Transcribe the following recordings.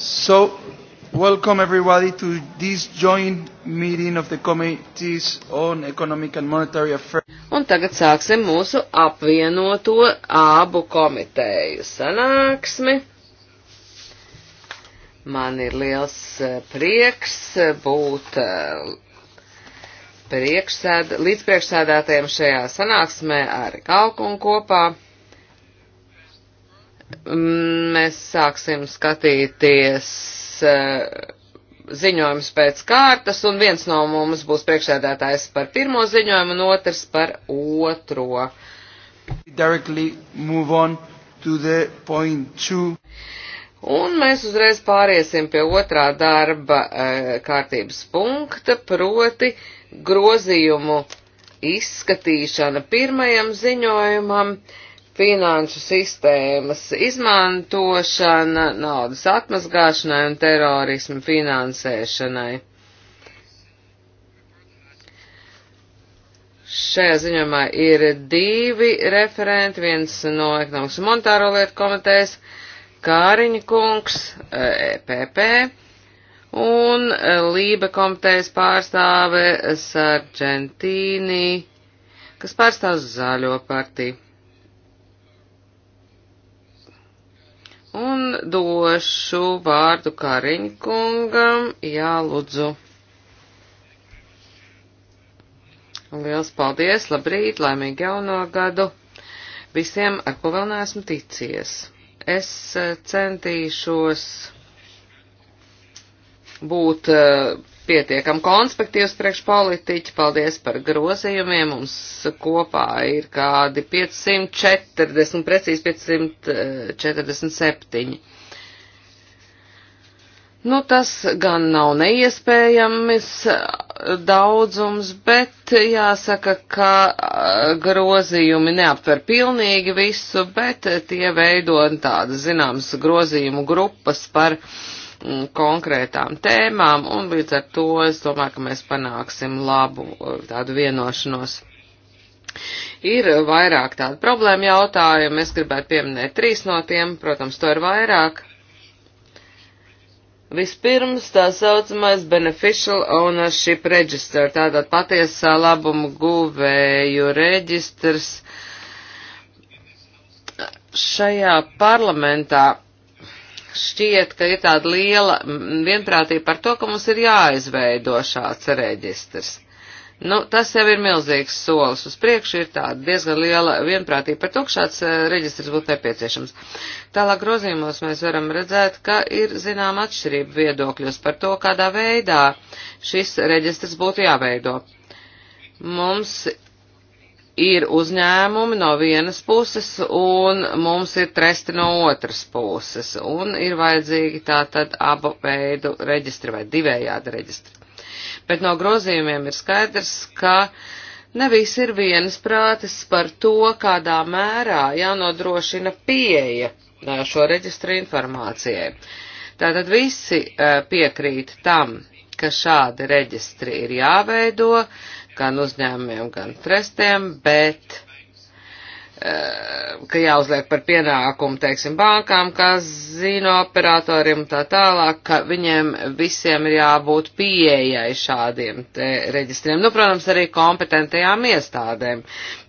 So, welcome everybody to this joint meeting of the Committees on Economic and Monetary Affairs. Un tagad sāksim mūsu apvienoto abu komiteju sanāksmi. Man ir liels eh, prieks eh, būt eh, priekšsēd, līdzpriekšsēdētājiem šajā sanāksmē ar Kalkunu kopā. Mm, mēs sāksim skatīties e, ziņojums pēc kārtas, un viens no mums būs priekšsēdētājs par pirmo ziņojumu, un otrs par otro. Un mēs uzreiz pāriesim pie otrā darba e, kārtības punkta, proti grozījumu izskatīšana pirmajam ziņojumam. Uh, finanšu sistēmas izmantošana naudas atmazgāšanai un terorismu finansēšanai. Šajā ziņojumā ir divi referenti, viens no ekonomikas un monetāro lietu komitejas, Kāriņa kungs, EPP, un Lība komitejas pārstāve Sargentīni, kas pārstāv zaļo partiju. Un došu vārdu Kariņkungam. Jā, lūdzu. Liels paldies, labrīt, laimīgi jauno gadu visiem, ar ko vēl neesmu ticies. Es eh, centīšos būt uh, pietiekam konspektīvs priekš politiķi. Paldies par grozījumiem. Mums kopā ir kādi 540, precīzi 547. Nu, tas gan nav neiespējams daudzums, bet jāsaka, ka uh, grozījumi neaptver pilnīgi visu, bet tie veido tādas zināmas grozījumu grupas par uh, Mm, konkrētām tēmām, un līdz ar to es domāju, ka mēs panāksim labu eh, tādu vienošanos. Ir vairāk tādu problēmu jautājumu, es gribētu pieminēt trīs no tiem, protams, to ir vairāk. Vispirms tā saucamais beneficial ownership register, tātad patiesā labumu guvēju reģistrs. Šajā parlamentā šķiet, ka ir tāda liela vienprātība par to, ka mums ir jāizveido šāds reģistrs. Nu, tas jau ir milzīgs solis uz priekšu, ir tāda diezgan liela vienprātība par to, ka šāds e, reģistrs būtu nepieciešams. Tālāk grozījumos mēs varam redzēt, ka ir zinām atšķirība viedokļos par to, kādā veidā šis reģistrs būtu jāveido. Mums ir uzņēmumi no vienas puses un mums ir tresti no otras puses, un ir vajadzīgi tātad abu veidu reģistri vai divējādi reģistri. Bet no grozījumiem ir skaidrs, ka ne visi ir viensprātis par to, kādā mērā jānodrošina pieeja šo reģistru informācijai. Tātad visi piekrīt tam, ka šādi reģistri ir jāveido, uh, gan uzņēmumiem, gan trestiem, bet eh, ka jāuzliek par pienākumu, teiksim, bankām, kas zina operatoriem tā tālāk, ka viņiem visiem ir jābūt pieejai šādiem te reģistriem. Nu, protams, arī kompetentajām iestādēm,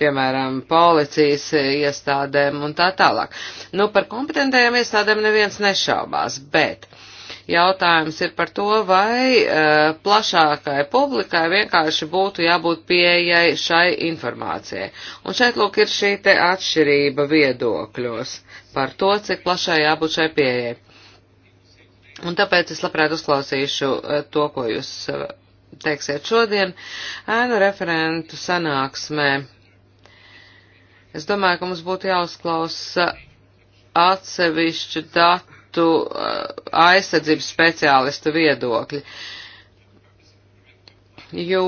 piemēram, policijas iestādēm un tā tālāk. Nu, par kompetentajām iestādēm neviens nešaubās, bet Jautājums ir par to, vai uh, plašākai publikai vienkārši būtu jābūt pieejai šai informācijai. Un šeit lūk ir šī te atšķirība viedokļos par to, cik plašai jābūt šai pieejai. Un tāpēc es labprāt uzklausīšu uh, to, ko jūs uh, teiksiet šodien ēnu referentu sanāksmē. Es domāju, ka mums būtu jāuzklausa atsevišķu datu ekspertu, aizsardzības speciālistu viedokļi. Jo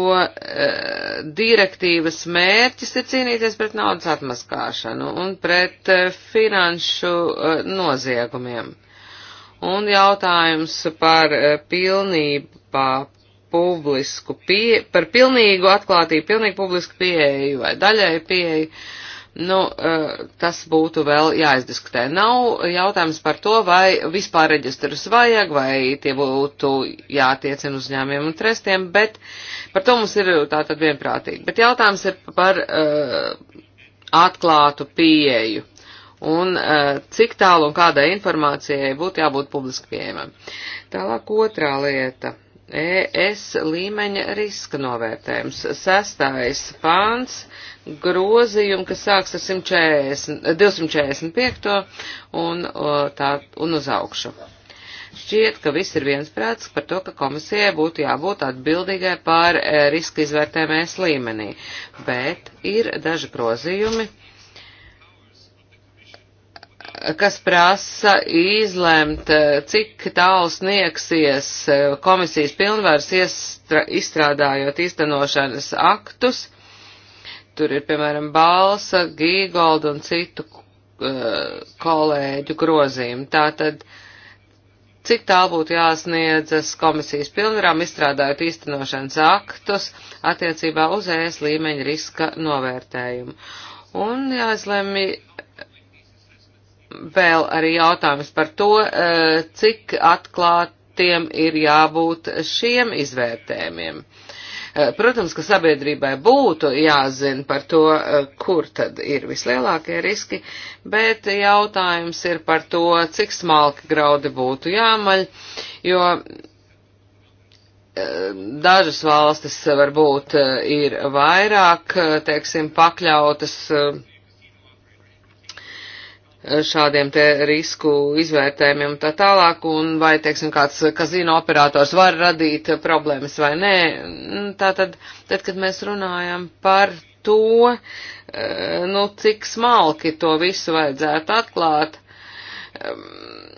direktīvas mērķis ir cīnīties pret naudas atmaskāšanu un pret finanšu noziegumiem. Un jautājums par pilnībā publisku pie, par pilnīgu atklātību, pilnīgu publisku pieeju vai daļai pieeju. Nu, eh, tas būtu vēl jāizdiskutē. Nav jautājums par to, vai vispār reģistrus vajag, vai tie būtu jātiecina uzņēmiem un trestiem, bet par to mums ir tātad vienprātīgi. Bet jautājums ir par uh, atklātu pieeju un uh, cik tālu un kādai informācijai būtu jābūt publiski pieejamam. Tālāk otrā lieta ES līmeņa riska novērtējums. Sestais pāns grozījumi, kas sāks ar 140, 245 un, tā, un uz augšu. Šķiet, ka viss ir viensprāts par to, ka komisijai būtu jābūt atbildīgai par e, riska izvērtējumēs līmenī, bet ir daži grozījumi, kas prasa izlemt, eh, cik tālu sniegsies eh, komisijas pilnvars izstrādājot īstenošanas aktus. Tur ir, piemēram, Balsa, Gīgolda un citu uh, kolēģu grozījumi. Tātad, cik tālu būtu jāsniedzas komisijas pilnvarām izstrādājot īstenošanas aktus attiecībā uz ES līmeņa riska novērtējumu. Un jāizlemj vēl arī jautājums par to, e, cik atklātiem ir jābūt šiem izvērtējumiem. E, protams, ka sabiedrībai būtu jāzina par to, e, kur tad ir vislielākie riski, bet jautājums ir par to, cik smalki graudi būtu jāmaļ, jo dažas valstis varbūt ir vairāk, teiksim, pakļautas uh, šādiem te risku izvērtējumiem un tā tālāk, un vai, teiksim, kāds kazino operators var radīt problēmas vai nē. Tā tad, tad, kad mēs runājam par to, eh, nu, cik smalki to visu vajadzētu atklāt,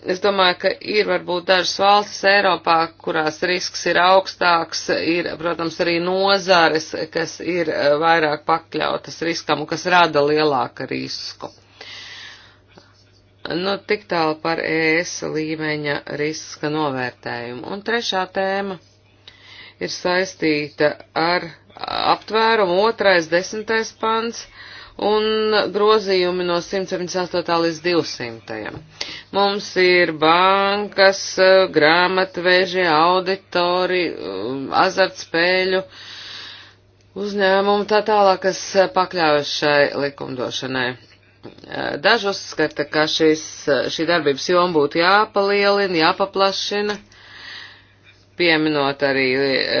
es domāju, ka ir varbūt dažas valstis Eiropā, kurās risks ir augstāks, ir, protams, arī nozares, kas ir eh, vairāk pakļautas riskam un kas rada lielāku risku. Nu, tik tālu par ES līmeņa riska novērtējumu. Un trešā tēma ir saistīta ar aptvērumu otrais desmitais pants un grozījumi no 178 līdz 200. Mums ir bankas, grāmatveži, auditori, um, azartspēļu uzņēmumi tā tālāk, kas pakļaujas šai likumdošanai Daži uzskata, ka šis, šī darbības joma būtu jāpalielina, jāpaplašina, pieminot arī e,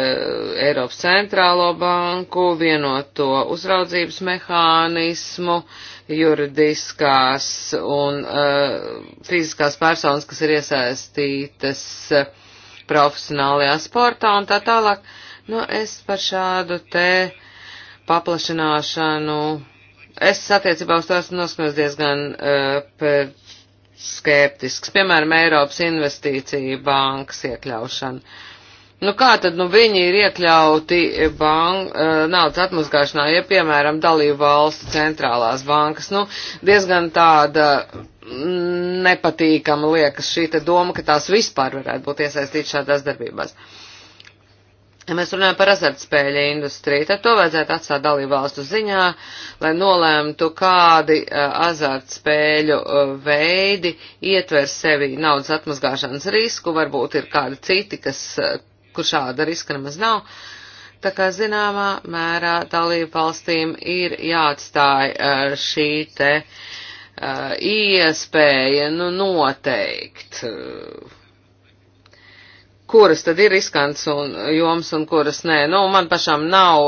Eiropas centrālo banku, vienoto uzraudzības mehānismu, juridiskās un e, fiziskās personas, kas ir iesaistītas profesionālajā sportā un tā tālāk. Nu, es par šādu te paplašināšanu Es attiecībā uz to esmu noskaņots diezgan uh, skeptisks. Piemēram, Eiropas investīcija bankas iekļaušana. Nu kā tad nu, viņi ir iekļauti bank, uh, naudas atmazgāšanā, ja piemēram dalību valstu centrālās bankas? Nu, diezgan tāda mm, nepatīkama liekas šī doma, ka tās vispār varētu būt iesaistītas šādās darbībās. Uh, Ja mēs runājam par azartspēļu industriju, tad to vajadzētu atstāt dalību valstu ziņā, lai nolēmtu, kādi e, azartspēļu e, veidi ietver sevi naudas atmazgāšanas risku, varbūt ir kādi citi, kas, e, kur šāda riska nemaz nav. Tā kā zināmā mērā dalību valstīm ir jāatstāja šī te iespēja, nu, noteikt kuras tad ir riskants un joms un kuras nē. Nu, man pašam nav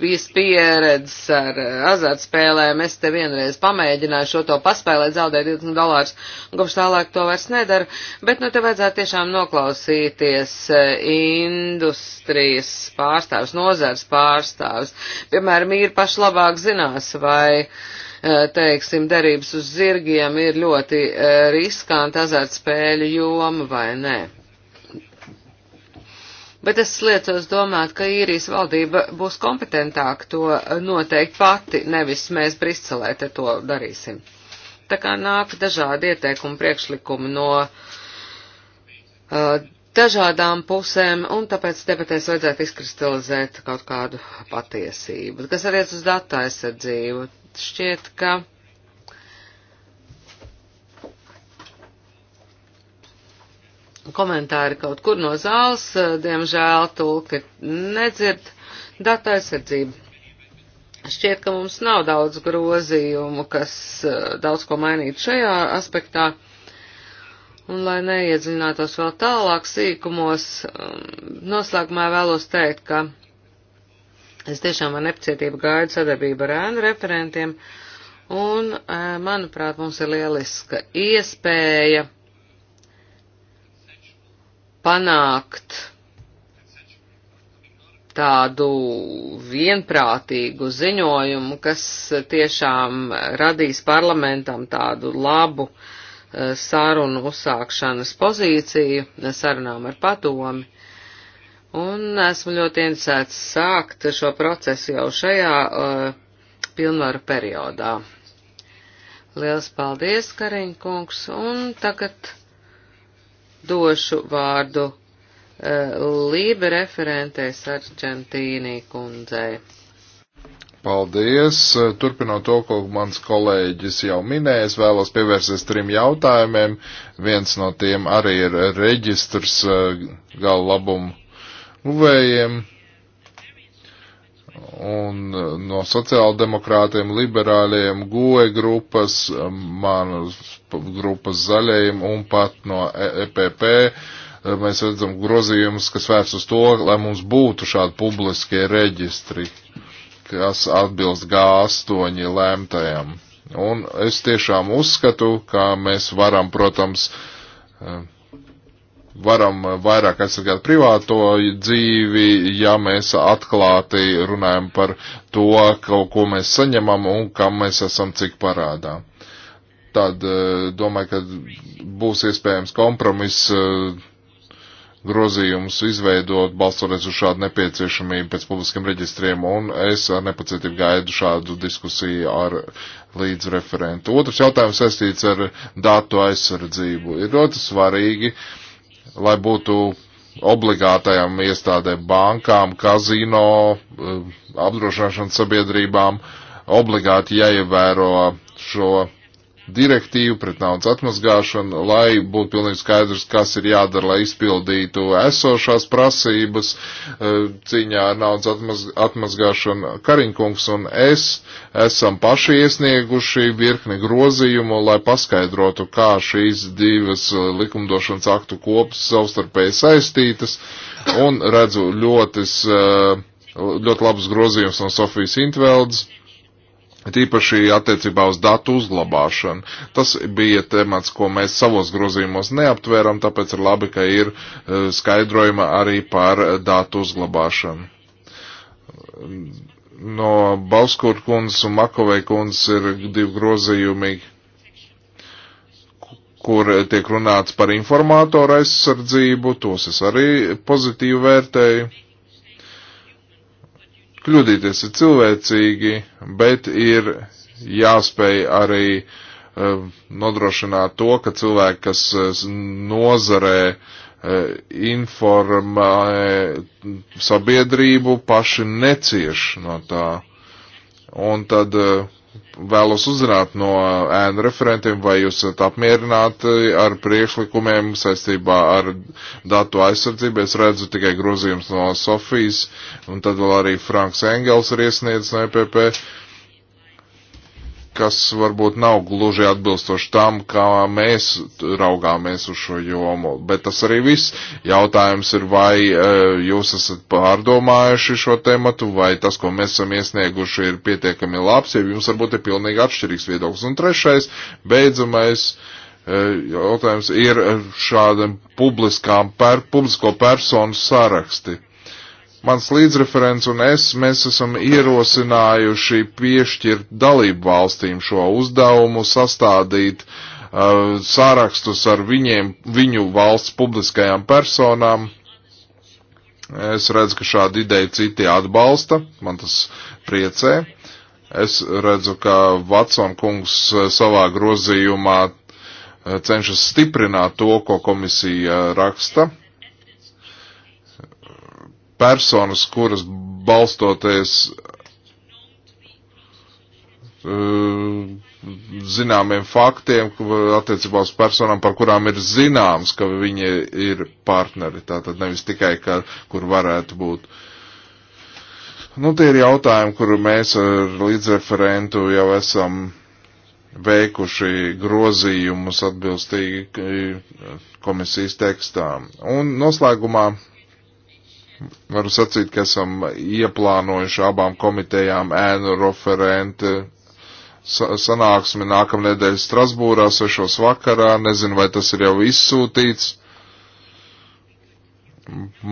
pieredzes ar azartspēlēm. Es te vienreiz pamēģināju šo to paspēlēt, zaudēju 20 dolārus, un kopš tālāk to vairs nedaru. Bet, nu, te vajadzētu tiešām noklausīties e, industrijas pārstāvs, nozars pārstāvs. Piemēram, ir paši labāk zinās, vai e, teiksim, derības uz zirgiem ir ļoti e, riskanti azartspēļu joma vai nē bet es liecos domāt, ka īrijas valdība būs kompetentāk to noteikt pati, nevis mēs Briselē te to darīsim. Tā kā nāk dažādi ieteikumi, priekšlikumi no uh, dažādām pusēm, un tāpēc debatēs vajadzētu izkristalizēt kaut kādu patiesību. Kas attiec uz datu aizsardzību, šķiet, ka komentāri kaut kur no zāles, eh, diemžēl tulki nedzird datu aizsardzību. Šķiet, ka mums nav daudz grozījumu, kas eh, daudz ko mainītu šajā aspektā. Un, lai neiedziļinātos vēl tālāk sīkumos, eh, noslēgumā vēlos teikt, ka es tiešām ar nepacietību gaidu sadarbību ar ēnu referentiem, un, manuprāt, mums ir lieliska iespēja panākt tādu vienprātīgu ziņojumu, kas tiešām radīs parlamentam tādu labu eh, sarunu uzsākšanas pozīciju, eh, sarunām ar padomi. Un esmu ļoti interesēts sākt šo procesu jau šajā uh, pilnvaru periodā. Liels paldies, Kariņkungs, un tagad došu vārdu eh, Lība referentē Sarčentīnī kundzei. Paldies! Turpinot to, ko mans kolēģis jau minēja, es vēlos pievērsties trim jautājumiem. Viens no tiem arī ir reģistrs eh, gala labumu guvējiem un uh, no sociāldemokrātiem, liberāļiem, goe grupas, um, manas grupas zaļajiem un pat no EPP. E uh, mēs redzam grozījumus, kas vērts uz to, lai mums būtu šādi publiskie reģistri, kas atbilst G8 lēmtajam. Un es tiešām uzskatu, ka mēs varam, protams, uh, varam eh, vairāk aizsargāt privāto dzīvi, ja mēs atklāti runājam par to, ko mēs saņemam un kam mēs esam cik parādā. Tad eh, domāju, ka būs iespējams kompromiss eh, grozījums izveidot, balstoties uz šādu nepieciešamību pēc publiskiem reģistriem, un es ar nepacietību gaidu šādu diskusiju ar līdzreferentu. Otrs jautājums saistīts ar datu aizsardzību. Ir ļoti svarīgi, uh, lai būtu obligātajām iestādēm, bankām, kazino, eh, apdrošināšanas sabiedrībām obligāti jāievēro šo direktīvu pret naudas atmazgāšanu, lai būtu pilnīgi skaidrs, kas ir jādara, lai izpildītu esošās prasības e, cīņā ar naudas atmaz, atmazgāšanu. Kariņkungs un es esam paši iesnieguši virkni grozījumu, lai paskaidrotu, kā šīs divas likumdošanas aktu kopas savstarpēji saistītas, un redzu ļoti, e, ļoti labus grozījumus no Sofijas Intveldes Tīpaši attiecībā uz datu uzglabāšanu. Tas bija temats, ko mēs savos grozījumos neaptvēram, tāpēc ir labi, ka ir e, skaidrojuma arī par datu uzglabāšanu. No Bauskur kundzes un Makovei kundzes ir divi grozījumi, kur tiek runāts par informātoru aizsardzību, tos es arī pozitīvi vērtēju Kļūdīties ir cilvēcīgi, bet ir jāspēj arī uh, nodrošināt to, ka cilvēki, kas uh, nozarē uh, informē sabiedrību, paši necieš no tā. Un tad vēlos uzzināt no ēnu referentiem, vai jūs esat apmierināti ar priekšlikumiem saistībā ar datu aizsardzību. Es redzu tikai grozījums no Sofijas, un tad vēl arī Franks Engels ir iesniedzis no EPP kas varbūt nav gluži atbilstoši tam, kā mēs raugāmies uz šo jomu. Bet tas arī viss. Jautājums ir, vai e, jūs esat pārdomājuši šo tematu, vai tas, ko mēs esam iesnieguši, ir pietiekami labs, ja jums varbūt ir pilnīgi atšķirīgs viedoklis. Un trešais, beidzamais e, jautājums ir šādam publiskām, per, publisko personu saraksti Mans līdzreferents un es, mēs esam ierosinājuši piešķirt dalību valstīm šo uzdevumu, sastādīt uh, sārakstus ar viņiem, viņu valsts publiskajām personām. Es redzu, ka šādu ideju citi atbalsta, man tas priecē. Es redzu, ka Vatson kungs uh, savā grozījumā uh, cenšas stiprināt to, ko komisija raksta personas, kuras balstoties eh, zināmiem faktiem attiecībā uz personām, par kurām ir zināms, ka viņi ir partneri. Tātad nevis tikai, ka, kur varētu būt. Nu, tie ir jautājumi, kuru mēs ar līdzreferentu jau esam veikuši grozījumus atbilstīgi eh, komisijas tekstām. Un noslēgumā Varu sacīt, ka esam ieplānojuši abām komitejām ēnu referenti eh, sanāksmi nākamnedēļ Strasbūrā, 6. vakarā. Nezinu, vai tas ir jau izsūtīts.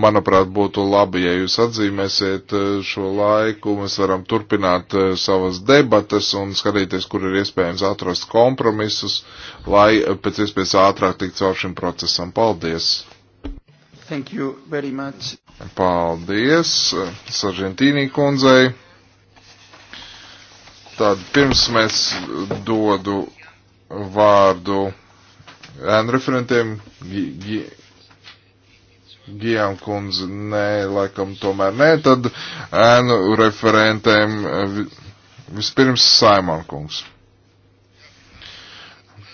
Manuprāt, būtu labi, ja jūs atzīmēsiet eh, šo laiku. Mēs varam turpināt eh, savas debatas un skatīties, kur ir iespējams atrast kompromisus, lai pēc iespējas ātrāk tiktu caur šim procesam. Paldies! Thank you very much. Paldies Sargentīnī kundzei. Tad pirms mēs dodu vārdu ēnu referentiem, Gijām kundze, nē, laikam tomēr nē, tad ēnu referentiem vispirms Saimon kungs.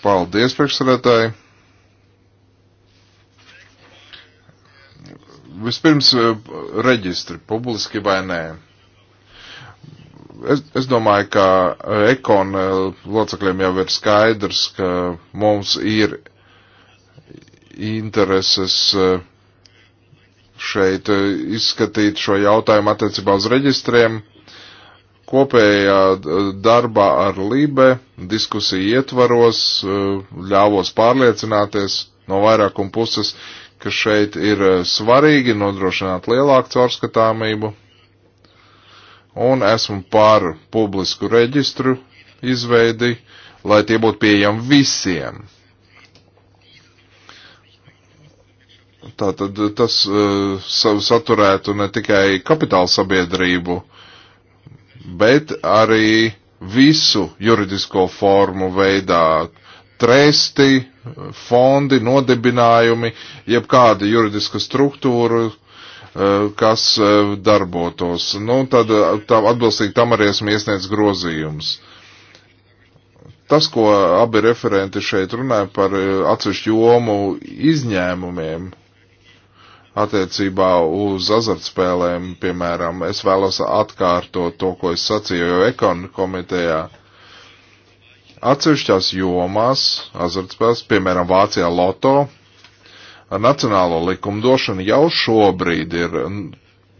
Paldies, priekšsarētāji! Vispirms eh, reģistri, publiski vai nē. Es, es domāju, ka eh, ekon eh, locekļiem jau ir skaidrs, ka mums ir intereses šeit izskatīt šo jautājumu attiecībā uz reģistriem. Kopējā darbā ar Lībe diskusiju ietvaros ļāvos pārliecināties no vairākuma puses, uh, ka šeit ir eh, svarīgi nodrošināt lielāku caurskatāmību, un esmu par publisku reģistru izveidi, lai tie būtu pieejami visiem. Tātad tas uh, saturētu ne tikai kapitāla sabiedrību, bet arī visu juridisko formu veidā, tresti, fondi, nodibinājumi, jebkāda juridiska struktūra, eh, kas eh, darbotos. Nu, tad eh, tā, atbilstīgi tam arī esmu iesniedz grozījums. Tas, ko abi referenti šeit runāja par atsevišķu jomu izņēmumiem attiecībā uz azartspēlēm, piemēram, es vēlos atkārtot to, ko es sacīju, jo ekon komitejā Atsevišķās jomās, azartspēles, piemēram, Vācijā loto, ar nacionālo likumdošanu jau šobrīd ir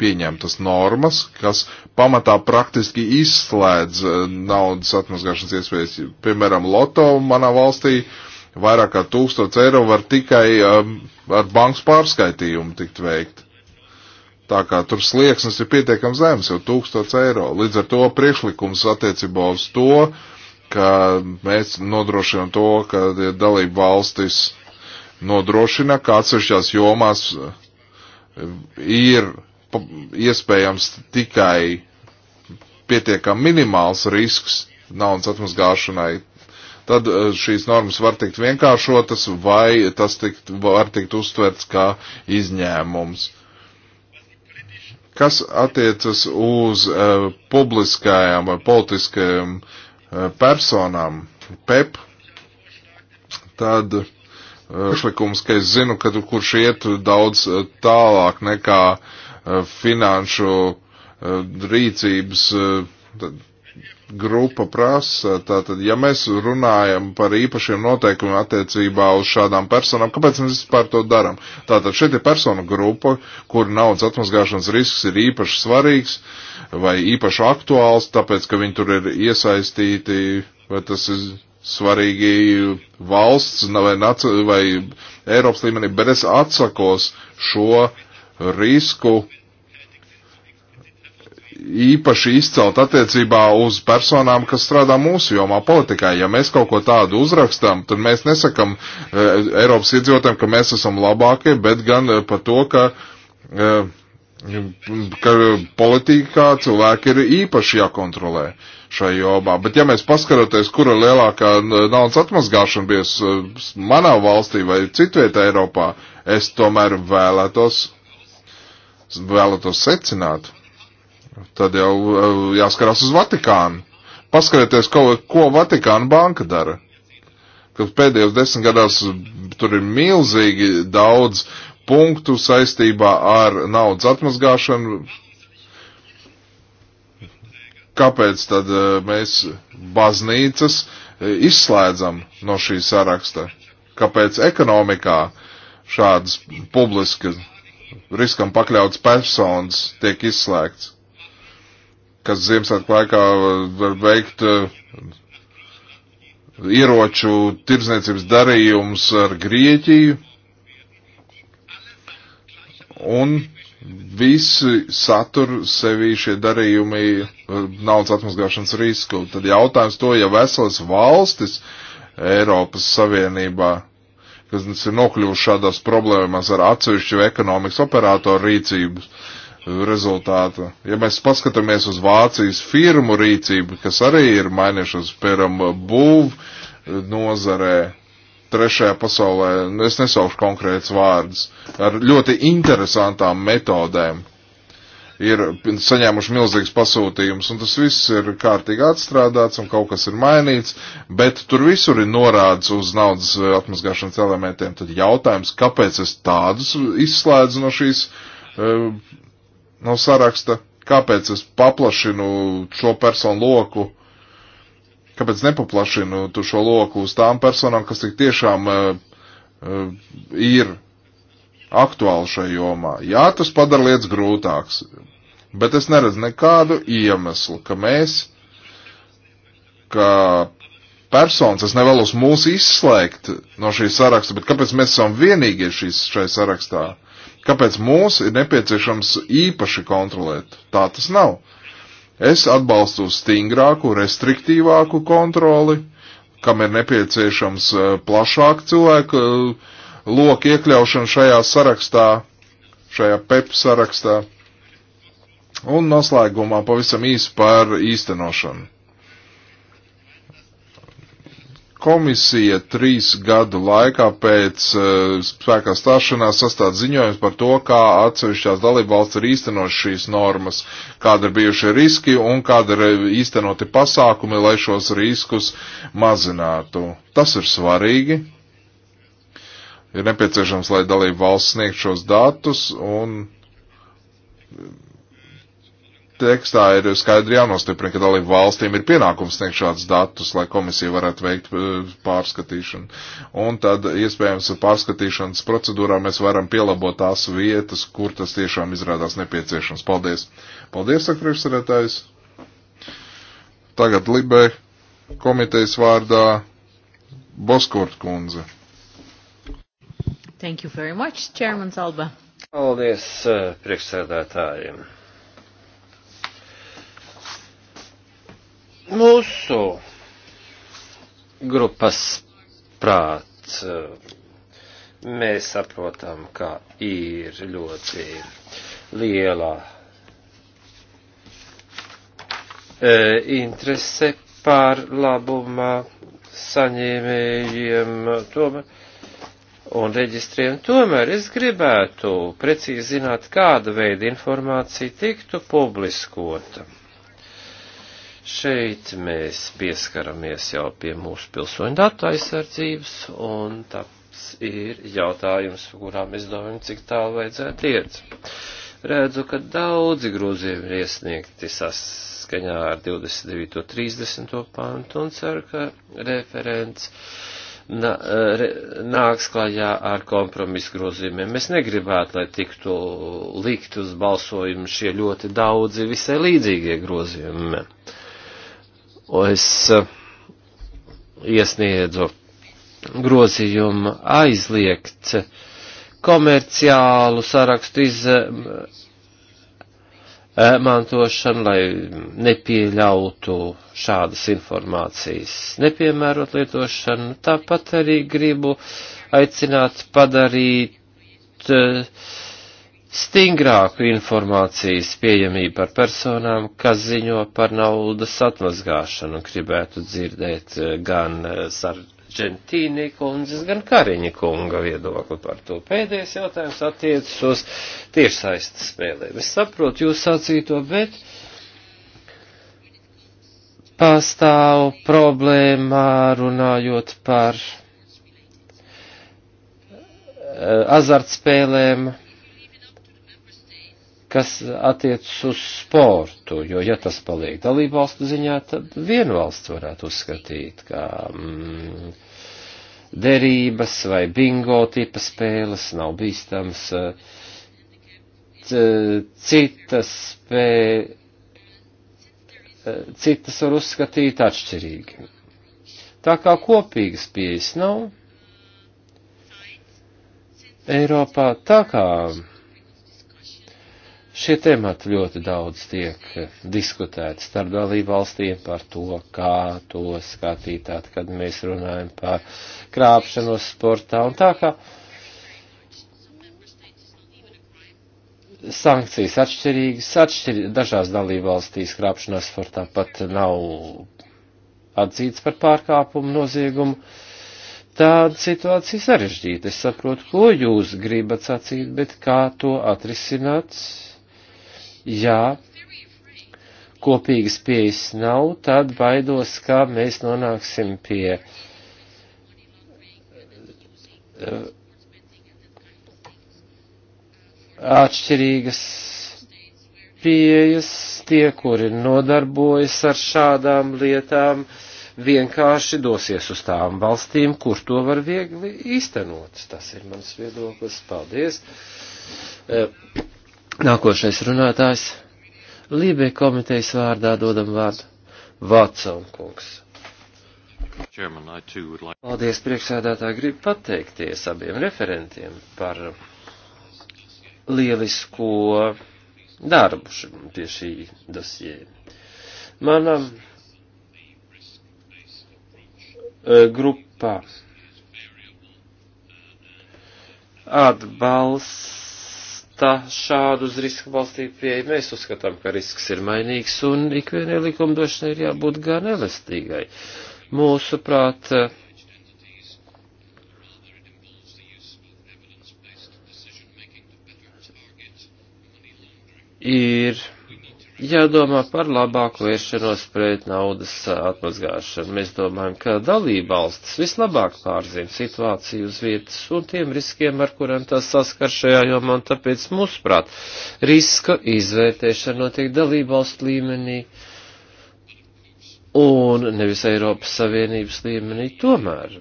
pieņemtas normas, kas pamatā praktiski izslēdz e, naudas atmazgāšanas iespējas. Piemēram, loto manā valstī vairāk kā 1000 eiro var tikai um, ar bankas pārskaitījumu tikt veikt. Tā kā tur slieksnis ir pietiekams zemes, jau 1000 eiro. Līdz ar to priekšlikums attiecībā uz to ka mēs nodrošinām to, ka dalība valstis nodrošina, ka atsevišķās jomās e, ir iespējams tikai pietiekam minimāls risks naudas atmazgāšanai, tad e, šīs normas var tikt vienkāršotas vai tas tikt, var tikt uztverts kā izņēmums. Kas attiecas uz uh, publiskajām vai politiskajām uh, Eh, personām, PEP, tad priekšlikums, eh, ka es zinu, ka kurš iet daudz eh, tālāk nekā finanšu rīcības grupa prasa. Tātad, ja mēs runājam par īpašiem noteikumiem attiecībā uz šādām personām, kāpēc mēs vispār to darām? Tātad šeit ir personu grupa, kur naudas atmazgāšanas risks ir īpaši svarīgs. Uh, vai īpaši aktuāls, tāpēc, ka viņi tur ir iesaistīti, vai tas ir svarīgi valsts vai, nac, vai Eiropas līmenī, bet es atsakos šo risku īpaši izcelt attiecībā uz personām, kas strādā mūsu jomā politikā. Ja mēs kaut ko tādu uzrakstam, tad mēs nesakam e, Eiropas iedzīvotājiem, ka mēs esam labākie, bet gan e, par to, ka e, ka politikā cilvēki ir īpaši jākontrolē šai jomā. Bet ja mēs paskaroties, kura lielākā naudas atmazgāšana bijis eh, manā valstī vai citvietā Eiropā, es tomēr vēlētos, vēlētos secināt. Tad jau eh, jāskarās uz Vatikānu. Paskaroties, ko, ko Vatikāna banka dara. Kad pēdējos desmit gadās tur ir milzīgi daudz uh, punktu saistībā ar naudas atmazgāšanu. Kāpēc tad e, mēs baznīcas e, izslēdzam no šī saraksta? Kāpēc ekonomikā šādas publiski riskam pakļauts personas tiek izslēgts? Kas Ziemassvētku laikā var veikt e, ieroču tirdzniecības darījumus ar Grieķiju? Un visi satur sevī šie darījumi naudas atmazgāšanas risku. Tad jautājums to, ja veselas valstis Eiropas Savienībā, kas ir nokļuvuši šādās problēmās ar atsevišķu ekonomikas operātoru rīcības rezultātu. Ja mēs paskatāmies uz Vācijas firmu rīcību, kas arī ir mainījušos, piemēram, būv nozarē, trešajā pasaulē, es nesaukšu konkrēts vārdus, ar ļoti interesantām metodēm ir saņēmuši milzīgs pasūtījums, un tas viss ir kārtīgi atstrādāts un kaut kas ir mainīts, bet tur visur ir norādes uz naudas atmazgāšanas elementiem. Tad jautājums, kāpēc es tādus izslēdzu no šīs, e, no saraksta, kāpēc es paplašinu šo personu loku? kāpēc nepaplašinu tu šo loku uz tām personām, kas tik tiešām uh, uh, ir aktuāli šajā jomā. Jā, tas padara lietas grūtāks, bet es neredzu nekādu iemeslu, ka mēs, ka personas, es nevēlos mūs izslēgt no šīs saraksta, bet kāpēc mēs esam vienīgie šīs, šai sarakstā? Kāpēc mūs ir nepieciešams īpaši kontrolēt? Tā tas nav. Es atbalstu stingrāku, restriktīvāku kontroli, kam ir nepieciešams eh, plašāk cilvēku eh, loku iekļaušana šajā sarakstā, šajā PEP e sarakstā. Un noslēgumā pavisam īsi par īstenošanu. Komisija trīs gadu laikā pēc uh, spēkā stāšanās sastāv ziņojums par to, kā atsevišķās dalībvalsts ir īstenojuši šīs normas, kāda ir bijušie riski un kāda ir eh, īstenoti pasākumi, lai šos riskus mazinātu. Tas ir svarīgi. Ir nepieciešams, lai dalībvalsts sniegtu šos datus un tekstā ir skaidri jānostiprina, ka dalību valstīm ir pienākums sniegt šādus datus, lai komisija varētu veikt eh, pārskatīšanu. Un tad, iespējams, pārskatīšanas procedūrā mēs varam pielabot tās vietas, kur tas tiešām izrādās nepieciešams. Paldies! Paldies, saka priekšsēdētājs! Tagad Libē komitejas vārdā Boskurt kundze. Thank you very much, Chairman Zalba. Paldies eh, priekšsēdētājiem. Mūsu grupas prāts eh, mēs saprotam, ka ir ļoti liela eh, interese par labumā saņēmējiem tomēr, un reģistriem. Tomēr es gribētu precīzi zināt, kāda veida informācija tiktu publiskota. Šeit mēs pieskaramies jau pie mūsu pilsoņu datu aizsardzības, un tas ir jautājums, kurām es domāju, cik tālu vajadzētu iet. Redzu, ka daudzi grozījumi ir iesniegti saskaņā ar 29. 30. pantu, un ceru, ka referents na, re, nāks klajā ar kompromisu grozījumiem. Mēs negribētu, lai tiktu likt uz balsojumu šie ļoti daudzi visai līdzīgie grozījumi es eh, iesniedzu grozījumu aizliegt komerciālu sarakstu izmantošanu, eh, eh, lai nepieļautu šādas informācijas nepiemērot lietošanu. Tāpat arī gribu aicināt padarīt uh, stingrāku informācijas pieejamību par personām, kas ziņo par naudas atmazgāšanu, gribētu dzirdēt eh, gan eh, Sargentīni kundzes, gan Kariņa kunga viedokli par to. Pēdējais jautājums attiecas uz tiešsaistes spēlēm. Es saprotu jūs sacīto, bet pastāv problēmā runājot par eh, azartspēlēm kas attiecas uz sportu, jo ja tas paliek dalību valstu ziņā, tad viena valsts varētu uzskatīt, ka mm, derības vai bingo tipa spēles nav bīstams, citas spēles citas var uzskatīt atšķirīgi. Tā kā kopīgas pieejas nav Eiropā, tā kā Šie temati ļoti daudz tiek diskutēti starp dalību valstīm par to, kā to skatītāt, kad mēs runājam par krāpšanos sportā un tā kā sankcijas atšķirīgas, atšķir, dažās dalību valstīs krāpšanās sportā pat nav atzīts par pārkāpumu noziegumu. Tāda situācija sarežģīta. Es saprotu, ko jūs gribat sacīt, bet kā to atrisināt? ja kopīgas pieejas nav, tad baidos, ka mēs nonāksim pie eh, atšķirīgas pieejas, tie, kuri nodarbojas ar šādām lietām, vienkārši dosies uz tām valstīm, kur to var viegli īstenot. Tas ir mans viedoklis. Paldies! Eh, Nākošais runātājs Lībie komitejas vārdā dodam vārdu Vātsam kungs. Paldies, priekšsēdētāji, gribu pateikties abiem referentiem par lielisko darbu pie šī dosie. Manam e, grupā atbalsts atbalsta šādu uz risku balstītu pieeju. Mēs uzskatām, ka risks ir mainīgs un ikvienai likumdošanai ir jābūt gan elastīgai. Mūsuprāt, eh, ir jādomā par labāku vēršanos pret naudas atmazgāšanu. Mēs domājam, ka dalībvalstis vislabāk pārzina situāciju uz vietas un tiem riskiem, ar kuriem tas saskar šajā jomā, un tāpēc, mūsuprāt, riska izvērtēšana notiek dalībvalstu līmenī un nevis Eiropas Savienības līmenī tomēr.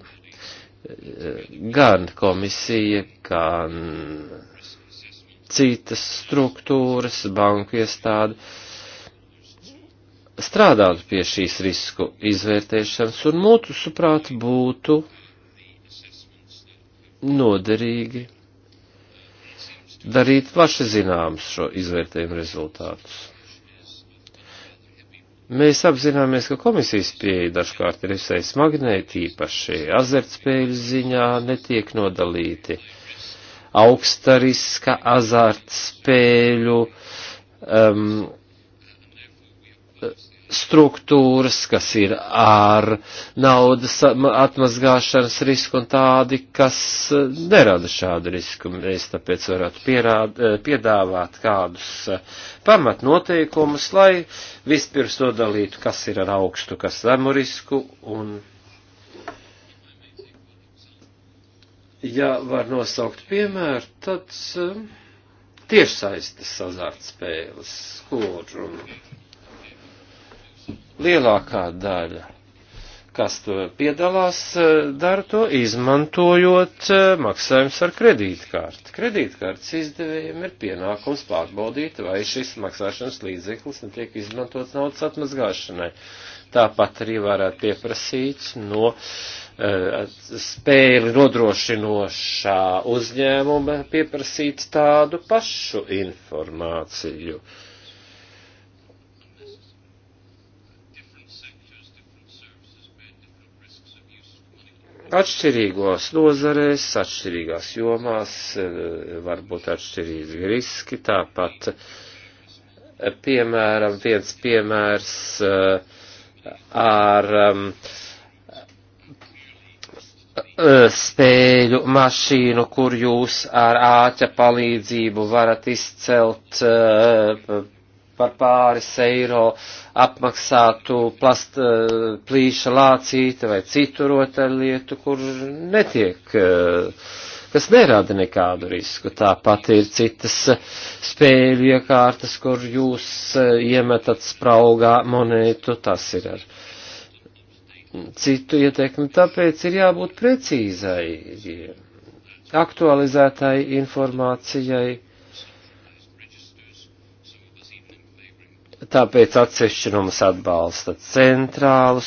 Gan komisija, gan citas struktūras, banku iestādi strādātu pie šīs risku izvērtēšanas un mūtu suprāt būtu noderīgi darīt plaši zināms šo izvērtējumu rezultātus. Mēs apzināmies, ka komisijas pieeja dažkārt ir visai smagnēja, tīpaši azartspēļu ziņā netiek nodalīti augsta riska azartspēļu um, struktūras, kas ir ar naudas atmazgāšanas risku un tādi, kas eh, nerada šādu risku. Mēs tāpēc varētu pierād, eh, piedāvāt kādus eh, pamatnoteikumus, lai vispirms nodalītu, kas ir ar augstu, kas zemu risku un. Ja var nosaukt piemēru, tad tiešsaistes azartspēles, kur un lielākā daļa, kas to piedalās, e, dara to izmantojot e, maksājums ar kredītkārti. Kredītkārtas izdevējiem ir pienākums pārbaudīt, vai šis maksāšanas līdzeklis netiek izmantots naudas atmazgāšanai. Tāpat arī varētu pieprasīt no uh, spēli nodrošinošā uzņēmuma pieprasīt tādu pašu informāciju. Uh, Atšķirīgos nozarēs, atšķirīgās jomās e, var būt atšķirīgi riski, tāpat, e, piemēram, viens piemērs e, ar spēļu mašīnu, kur jūs ar āķa palīdzību varat izcelt par pāris eiro apmaksātu plast, eh, plīša lācīti vai citu rotaļlietu, kur netiek, eh, kas nerada nekādu risku. Tāpat ir citas spēļu iekārtas, kur jūs eh, iemetat spraugā monētu, tas ir ar citu ietekmi, tāpēc ir jābūt precīzai, aktualizētai informācijai Tāpēc atsevišķi no mums atbalsta centrālus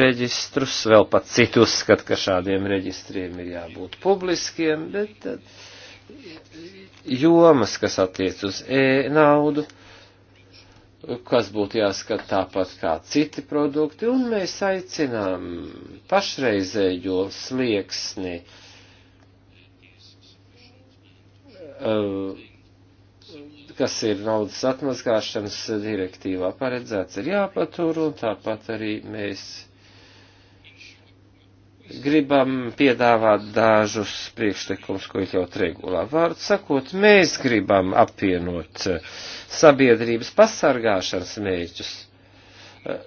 reģistrus, vēl pat citu uzskat, ka šādiem reģistriem ir jābūt publiskiem, bet tad jomas, kas attiec uz e-naudu, kas būtu jāskat tāpat kā citi produkti, un mēs aicinām pašreizējo slieksni. Uh, kas ir naudas atmazgāšanas direktīvā paredzēts, ir jāpatur, un tāpat arī mēs gribam piedāvāt dažus priekšlikumus, ko iekļaut regulā. Vārdu sakot, mēs gribam apvienot eh, sabiedrības pasargāšanas mērķus eh,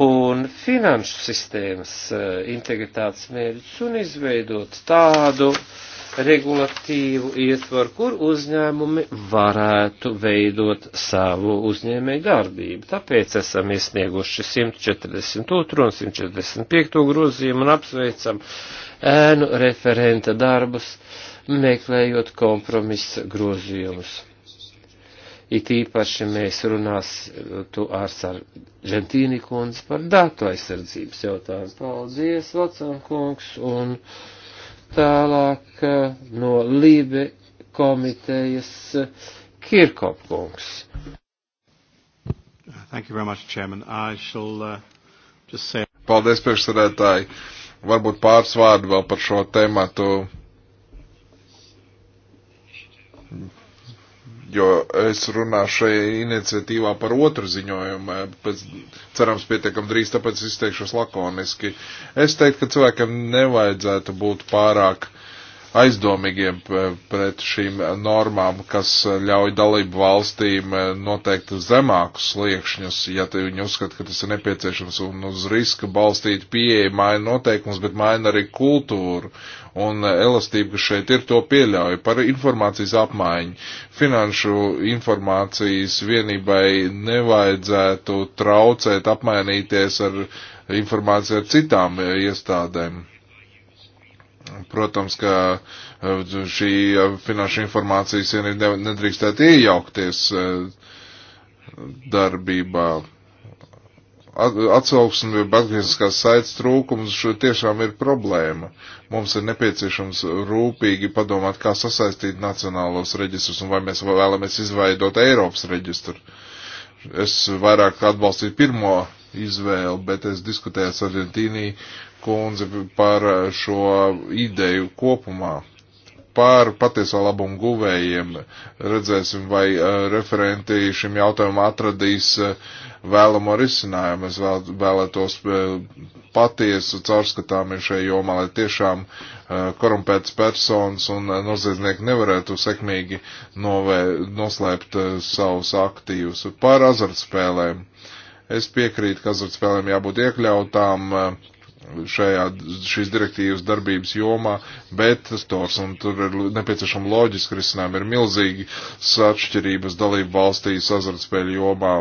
un finanšu sistēmas eh, integritātes mērķus un izveidot tādu uh, regulatīvu ietvaru, kur uzņēmumi varētu veidot savu uzņēmēju darbību. Tāpēc esam iesnieguši 142 un 145 grozījumu un apsveicam ēnu referenta darbus, meklējot kompromisa grozījumus. It īpaši mēs runāsim ar Sargentīni kundzi par datu aizsardzības jautājumu. Paldies, Vacan kungs! Un tālāk eh, no Lībe komitejas eh, Kirkopunks. Thank you very much, Chairman. I shall uh, just say. Paldies, priekšsēdētāji. Varbūt pāris vārdu vēl par šo tēmatu. Uh, jo es runāšu šajā iniciatīvā par otru ziņojumu, pēc, cerams, pietiekam drīz, tāpēc izteikšos lakoniski. Es teiktu, ka cilvēkam nevajadzētu būt pārāk uh, aizdomīgiem pret šīm normām, kas ļauj dalību valstīm eh, noteikt zemākus sliekšņus, ja viņi uzskata, ka tas ir nepieciešams un uz riska balstīt pieeja maina noteikumus, bet maina arī kultūru un eh, elastība, kas šeit ir, to pieļauj par informācijas apmaiņu. Finanšu informācijas vienībai nevajadzētu traucēt apmainīties ar informāciju ar citām eh, iestādēm Protams, ka eh, šī eh, finanšu informācijas vienība nedrīkstētu iejaukties eh, darbībā. Atsauksme vai atgriezniskās saites trūkums tiešām ir problēma. Mums ir nepieciešams rūpīgi padomāt, kā sasaistīt nacionālos reģistrus un vai mēs vēlamies izveidot Eiropas reģistru. Es vairāk atbalstīju pirmo izvēli, bet es diskutēju ar Argentīniju kundze par šo ideju kopumā. Par patieso labumu guvējiem redzēsim, vai uh, referenti šim jautājumam atradīs uh, vēlamo risinājumu. Es vēl, vēlētos uh, patiesu caurskatāmību šajā jomā, lai tiešām korumpētas personas un noziedznieki nevarētu sekmīgi novē, noslēpt savus aktīvus. Par azartspēlēm. Es piekrītu, ka azartspēlēm jābūt iekļautām šajā, šīs direktīvas darbības jomā, bet stors un tur ir nepieciešama loģiska risinājuma, ir milzīgi atšķirības dalību valstīs azartspēļu jomā.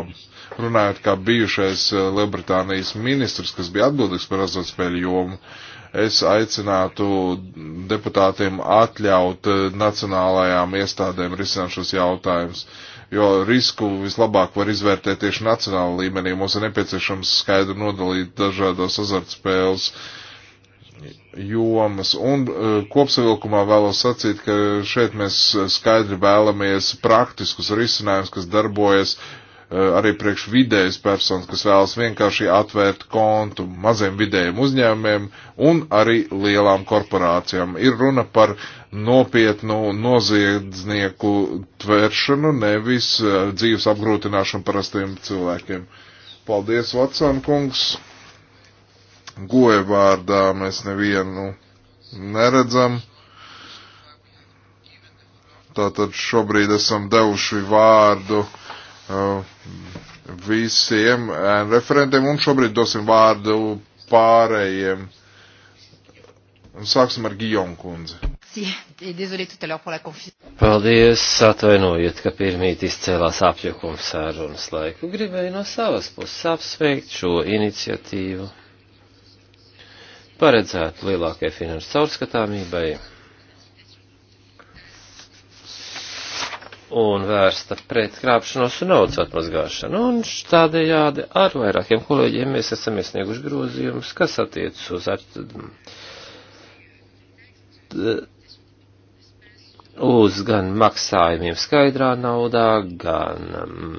Runājot kā bijušais eh, Lielbritānijas ministrs, kas bija atbildīgs par azartspēļu jomu, es aicinātu deputātiem atļaut eh, nacionālajām iestādēm risināt šos jautājumus. Uh, jo risku vislabāk var izvērtēt tieši nacionāla līmenī. Mums ir nepieciešams skaidri nodalīt dažādos azartspēles jomas. Un eh, kopsavilkumā vēlos sacīt, ka šeit mēs skaidri vēlamies praktiskus risinājumus, kas darbojas Eh, arī priekš vidējas personas, kas vēlas vienkārši atvērt kontu maziem vidējiem uzņēmumiem un arī lielām korporācijām. Ir runa par nopietnu noziedznieku tvēršanu, nevis eh, dzīves apgrūtināšanu parastiem cilvēkiem. Paldies, Vatsan kungs! Goja vārdā mēs nevienu neredzam. Tātad šobrīd esam devuši vārdu Uh, visiem uh, referentiem un šobrīd dosim vārdu pārējiem. Sāksim ar Gijon kundzi. Paldies, atvainojiet, ka pirmīt izcēlās apjukums sērunas laiku. Gribēju no savas puses apsveikt šo iniciatīvu. Paredzētu lielākai finanšu caurskatāmībai un vērsta pret krāpšanos un naudas atmazgāšanu. Un tādējādi ar vairākiem kolēģiem mēs esam iesnieguši grozījumus, kas attiecas uz ar, uz gan maksājumiem skaidrā naudā, gan um,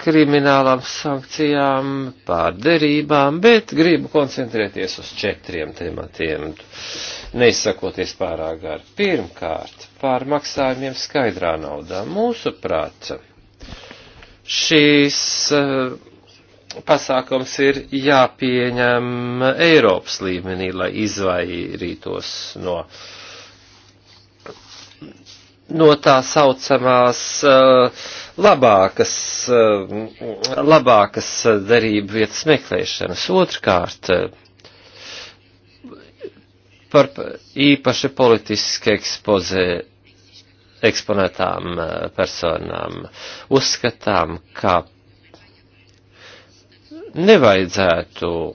kriminālām sankcijām, par derībām, bet gribu koncentrēties uz četriem tematiem, neizsakoties pārāk gari. Pirmkārt, par maksājumiem skaidrā naudā. Mūsuprāt, šīs eh, pasākums ir jāpieņem Eiropas līmenī, lai izvairītos no no tā saucamās uh, labākas, eh, labākas derību vietas meklēšanas. Otrkārt, eh, par īpaši politiski ekspozē eksponētām eh, personām uzskatām, ka nevajadzētu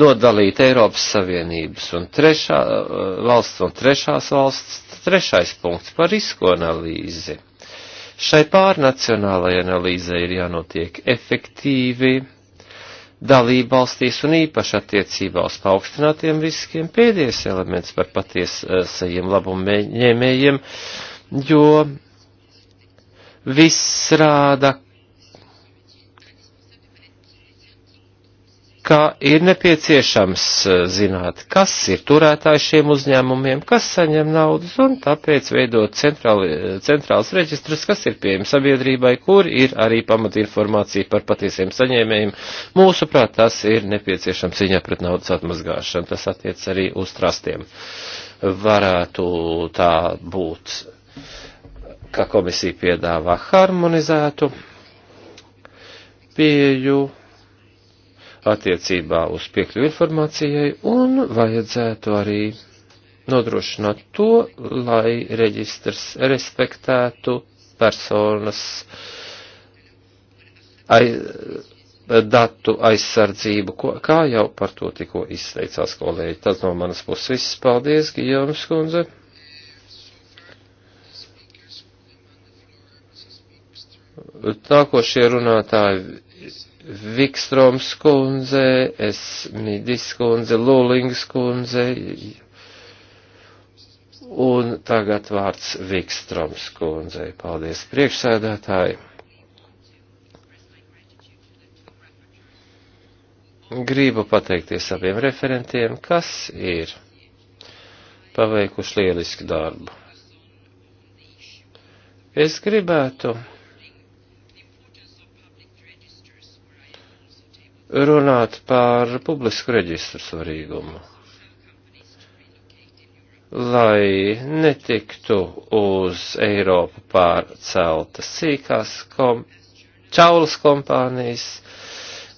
nodalīt Eiropas Savienības un trešā, valsts un trešās valsts Trešais punkts par risku analīzi. Šai pārnacionālajai analīzei ir jānotiek efektīvi, dalību valstīs un īpaši attiecībā uz paaugstinātiem riskiem pēdējais elements par patiesajiem labumņēmējiem, jo viss rāda, ka ir nepieciešams eh, zināt, kas ir turētāji šiem uzņēmumiem, kas saņem naudas, un tāpēc veidot centrāli, eh, centrāls reģistrs, kas ir pieejams sabiedrībai, kur ir arī pamatinformācija par patiesiem saņēmējiem. Mūsuprāt, tas ir nepieciešams ziņā pret naudas atmazgāšanu. Tas attiec arī uz trastiem. Varētu tā būt, ka komisija piedāvā harmonizētu pieju attiecībā uz piekļuvu informācijai un vajadzētu arī nodrošināt to, lai reģistrs respektētu personas aiz, datu aizsardzību, ko, kā jau par to tikko izteicās kolēģi. Tas no manas puses viss. Paldies, Gijomas kundze. Nākošie runātāji Vikstroms kundze, Esmidis kundze, Lulings kundze, un tagad vārds Vikstroms kundzei. Paldies priekšsēdētāji! Gribu pateikties abiem referentiem, kas ir paveikuši lielisku darbu. Es gribētu runāt par publisku reģistru svarīgumu, lai netiktu uz Eiropu pārceltas sīkās kom čaulas kompānijas,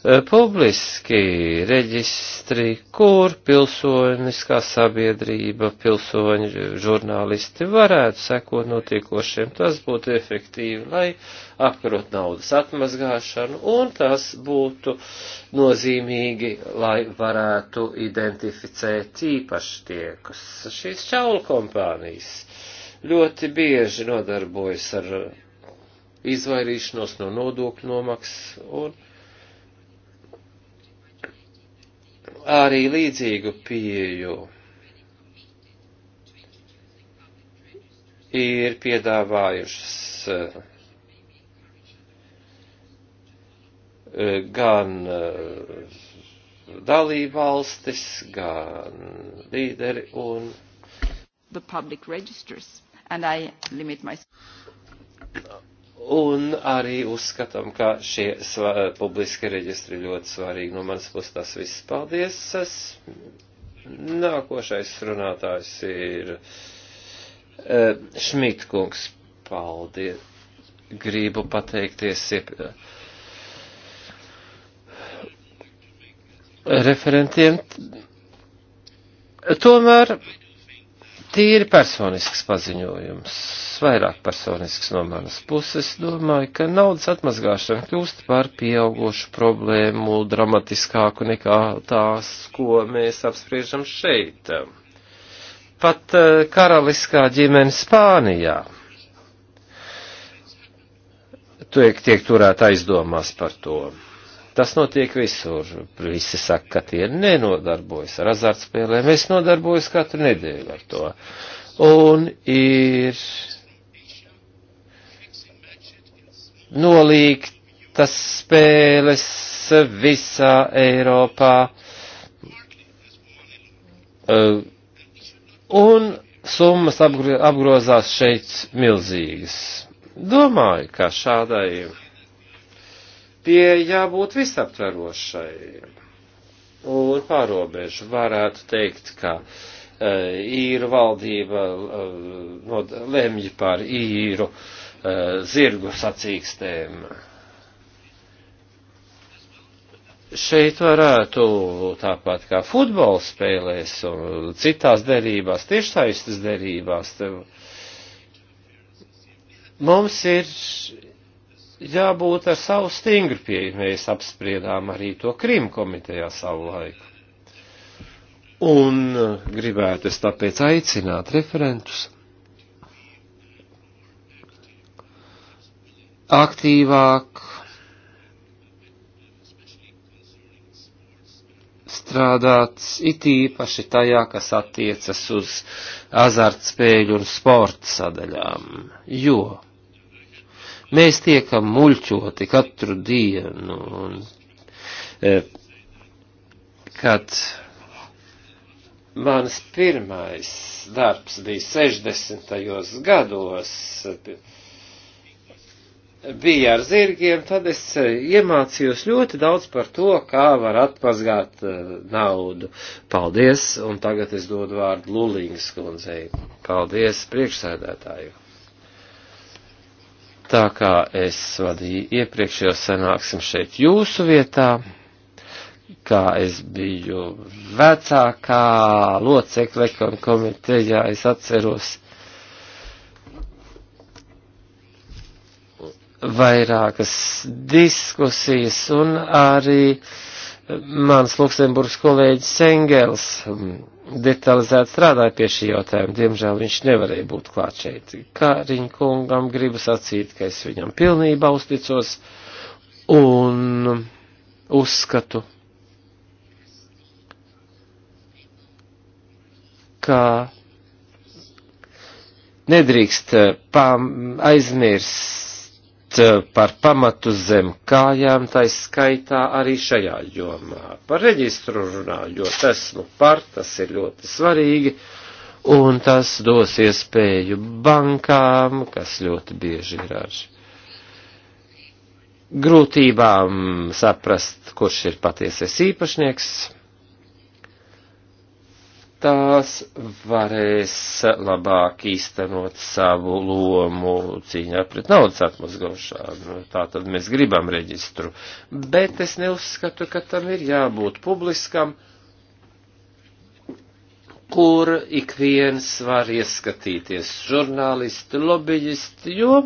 Eh, publiski reģistri, kur pilsoniskā sabiedrība, pilsoņi, žurnālisti varētu sekot notiekošiem. Tas būtu efektīvi, lai apkarot naudas atmazgāšanu, un tas būtu nozīmīgi, lai varētu identificēt īpaši tiekus. Šīs čaulu kompānijas ļoti bieži nodarbojas ar izvairīšanos no nodokļu nomaksas un arī līdzīgu pieju ir piedāvājušas eh, gan eh, dalībvalstis, gan līderi un. The public registers, and I limit myself Un arī uzskatām, ka šie svā, publiski reģistri ļoti svarīgi. No manas puses tas viss. Paldies! Es... Nākošais runātājs ir e, Šmitkungs. Paldies! Gribu pateikties. Ja, referentiem. Tomēr Tīri personisks paziņojums, vairāk personisks no manas puses, domāju, ka naudas atmazgāšana kļūst par pieaugušu problēmu, dramatiskāku nekā tās, ko mēs apspriežam šeit. Pat eh, karaliskā ģimene Spānijā tiek, tiek turēta aizdomās par to. Tas notiek visur. Visi saka, ka tie nenodarbojas ar azartspēlēm. Es nodarbojos katru nedēļu ar to. Un ir nolīgtas spēles visā Eiropā. Uh, un summas apgrozās šeit milzīgas. Domāju, ka šādai pie jābūt visaptverošai. Un pārobežu varētu teikt, ka uh, īru valdība uh, e, no, lemj par īru uh, zirgu sacīkstēm. Šeit varētu tāpat kā futbola spēlēs un citās derībās, tiešsaistes derībās, tev, mums ir jābūt ar savu stingru pieeju. Mēs apspriedām arī to Krim komitejā savu laiku. Un eh, gribētu es tāpēc aicināt referentus aktīvāk strādāt it īpaši tajā, kas attiecas uz azartspēļu un sporta sadaļām, jo Mēs tiekam muļķoti katru dienu, un, e, kad mans pirmais darbs bija 60. gados, bija ar zirgiem, tad es e, iemācījos ļoti daudz par to, kā var atmazgāt e, naudu. Paldies, un tagad es dodu vārdu Lulīngas kundzei. Paldies priekšsēdētāju tā kā es vadīju iepriekšējo sanāksmu šeit jūsu vietā, kā es biju vecākā locekle komitejā, es atceros vairākas diskusijas un arī mans Luksemburgas kolēģis Engels detalizēti strādāja pie šī jautājuma. Diemžēl viņš nevarēja būt klāt šeit. Kāriņkungam gribu sacīt, ka es viņam pilnībā uzticos un uzskatu, ka nedrīkst eh, pam, aizmirst Eh, par pamatu zem kājām, tai skaitā arī šajā jomā. Par reģistru runājot, esmu par, tas ir ļoti svarīgi, un tas dos iespēju bankām, kas ļoti bieži ir ar grūtībām saprast, kurš ir patiesais īpašnieks tās varēs labāk īstenot savu lomu cīņā pret naudas atmazgošanu. Tā tad mēs gribam reģistru. Bet es neuzskatu, ka tam ir jābūt publiskam, kur ik viens var ieskatīties žurnālisti, lobbyisti, jo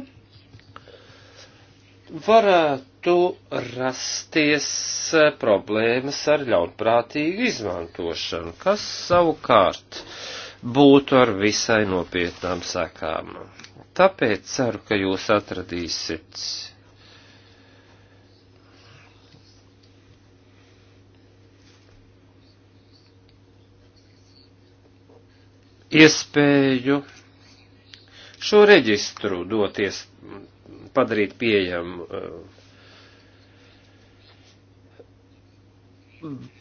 varētu varētu rasties eh, problēmas ar ļaunprātīgu izmantošanu, kas savukārt būtu ar visai nopietnām sekām. Tāpēc ceru, ka jūs atradīsiet iespēju šo reģistru doties padarīt pieejamu eh,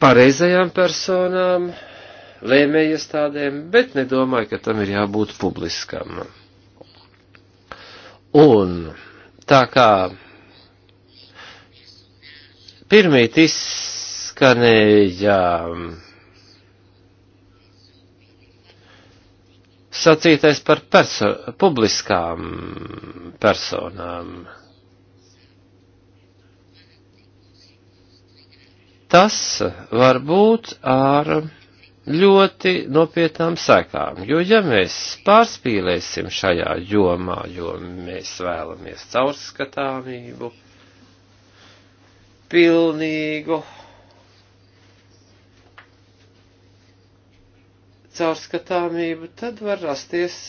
pareizajām personām, lēmējiestādēm, bet nedomāju, ka tam ir jābūt publiskam. Un tā kā pirmīt izskanēja sacītais par perso publiskām personām, Tas var būt ar ļoti nopietnām sekām, jo ja mēs pārspīlēsim šajā jomā, jo mēs vēlamies caurskatāmību, pilnīgu caurskatāmību, tad var rasties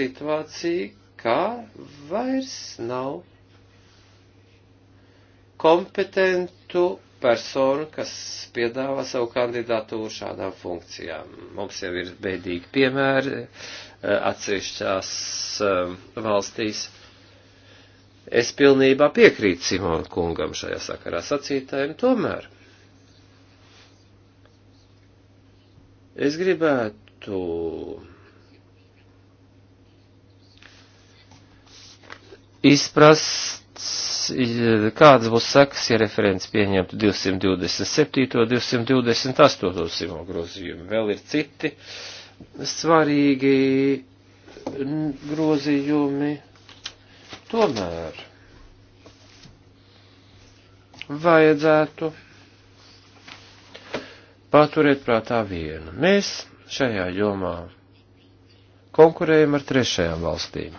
situācija, kā vairs nav kompetentu personu, kas piedāvā savu kandidatūru šādām funkcijām. Mums jau ir bēdīgi piemēri eh, atsevišķās eh, valstīs. Es pilnībā piekrītu Simona kungam šajā sakarā sacītājiem, tomēr es gribētu izprast kāds, kāds būs sekas, ja referents pieņemtu 227. 228. simo grozījumu. Vēl ir citi svarīgi grozījumi. Tomēr vajadzētu paturēt prātā vienu. Mēs šajā jomā konkurējam ar trešajām valstīm.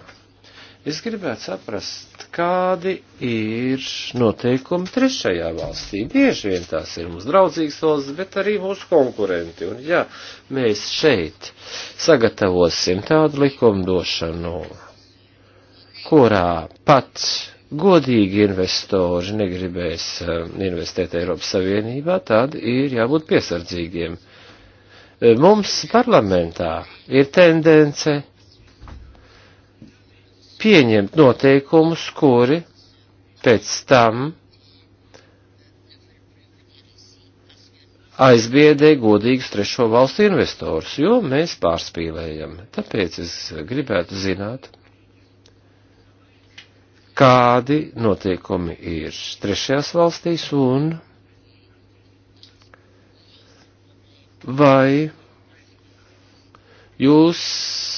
Es gribētu saprast, kādi ir noteikumi trešajā valstī. Bieži vien tās ir mūsu draudzīgas valsts, bet arī mūsu konkurenti. Un ja mēs šeit sagatavosim tādu likumdošanu, kurā pat godīgi investori negribēs eh, investēt Eiropas Savienībā, tad ir jābūt piesardzīgiem. Eh, mums parlamentā ir tendence pieņemt noteikumus, kuri pēc tam aizbiedē godīgus trešo valstu investorus, jo mēs pārspīlējam. Tāpēc es gribētu zināt, kādi notiekumi ir trešajās valstīs un vai jūs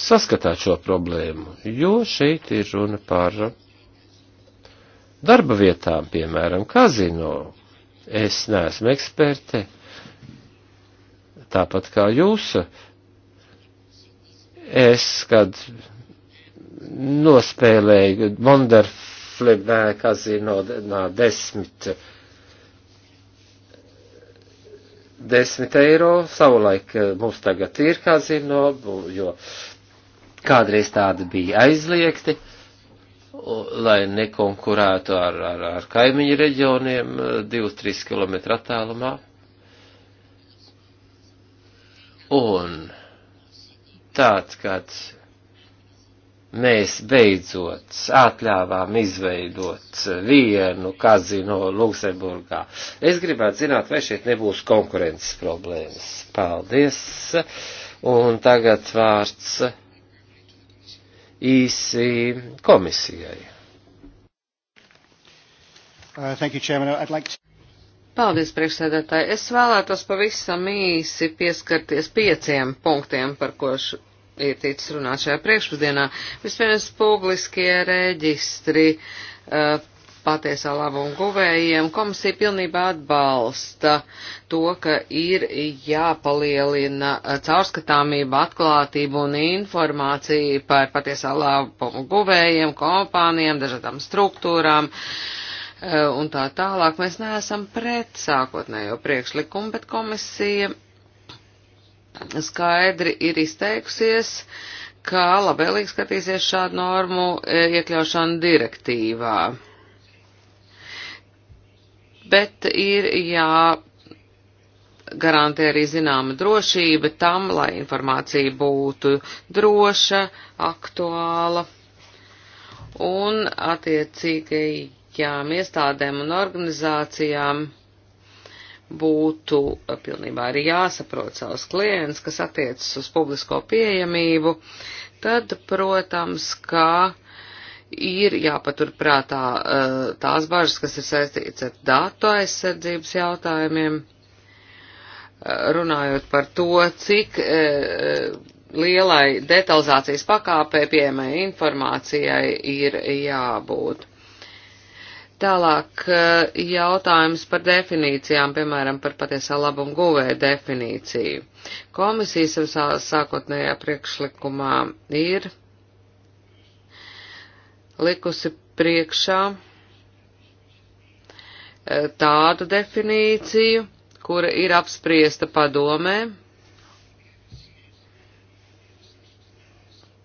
saskatāt šo problēmu, jo šeit ir runa par darba vietām, piemēram, kazino. Es neesmu eksperte, tāpat kā jūs. Es, kad nospēlēju Wonderflebē kazino nā, desmit 10 eiro. Savulaik eh, mums tagad ir kazino, jo kādreiz tādi bija aizliegti, lai nekonkurētu ar, ar, ar kaimiņu reģioniem 2-3 eh, km attālumā. Un tāds kāds mēs beidzot atļāvām izveidot vienu kazino Luksemburgā. Es gribētu zināt, vai šeit nebūs konkurences problēmas. Paldies! Un tagad vārds īsi komisijai. Uh, thank you, Chairman. I'd like to... Paldies, priekšsēdētāji. Es vēlētos pavisam īsi pieskarties pieciem punktiem, par ko š ir ticis runāt šajā priekšpusdienā. Vispirms publiskie reģistri eh, patiesā labuma guvējiem komisija pilnībā atbalsta to, ka ir jāpalielina eh, caurskatāmība, atklātība un informācija par patiesā labuma guvējiem, kompānijām, dažādām struktūrām. Uh, un tā tālāk. Mēs neesam pret sākotnējo priekšlikumu, bet komisija skaidri ir izteikusies, ka labvēlīgi skatīsies šādu normu e, iekļaušanu direktīvā. Bet ir jā garantē arī zināma drošība tam, lai informācija būtu droša, aktuāla un attiecīgajām iestādēm un organizācijām būtu eh, pilnībā arī jāsaprot savus klients, kas attiecas uz publisko pieejamību, tad, protams, kā ir jāpaturprātā eh, tās bažas, kas ir saistīts ar datu aizsardzības jautājumiem, eh, runājot par to, cik lielai detalizācijas pakāpē pieejamai informācijai ir jābūt. Tālāk eh, jautājums par definīcijām, piemēram, par patiesā labuma guvēja definīciju. Komisija savā sākotnējā priekšlikumā ir likusi priekšā eh, tādu definīciju, kura ir apspriesta padomē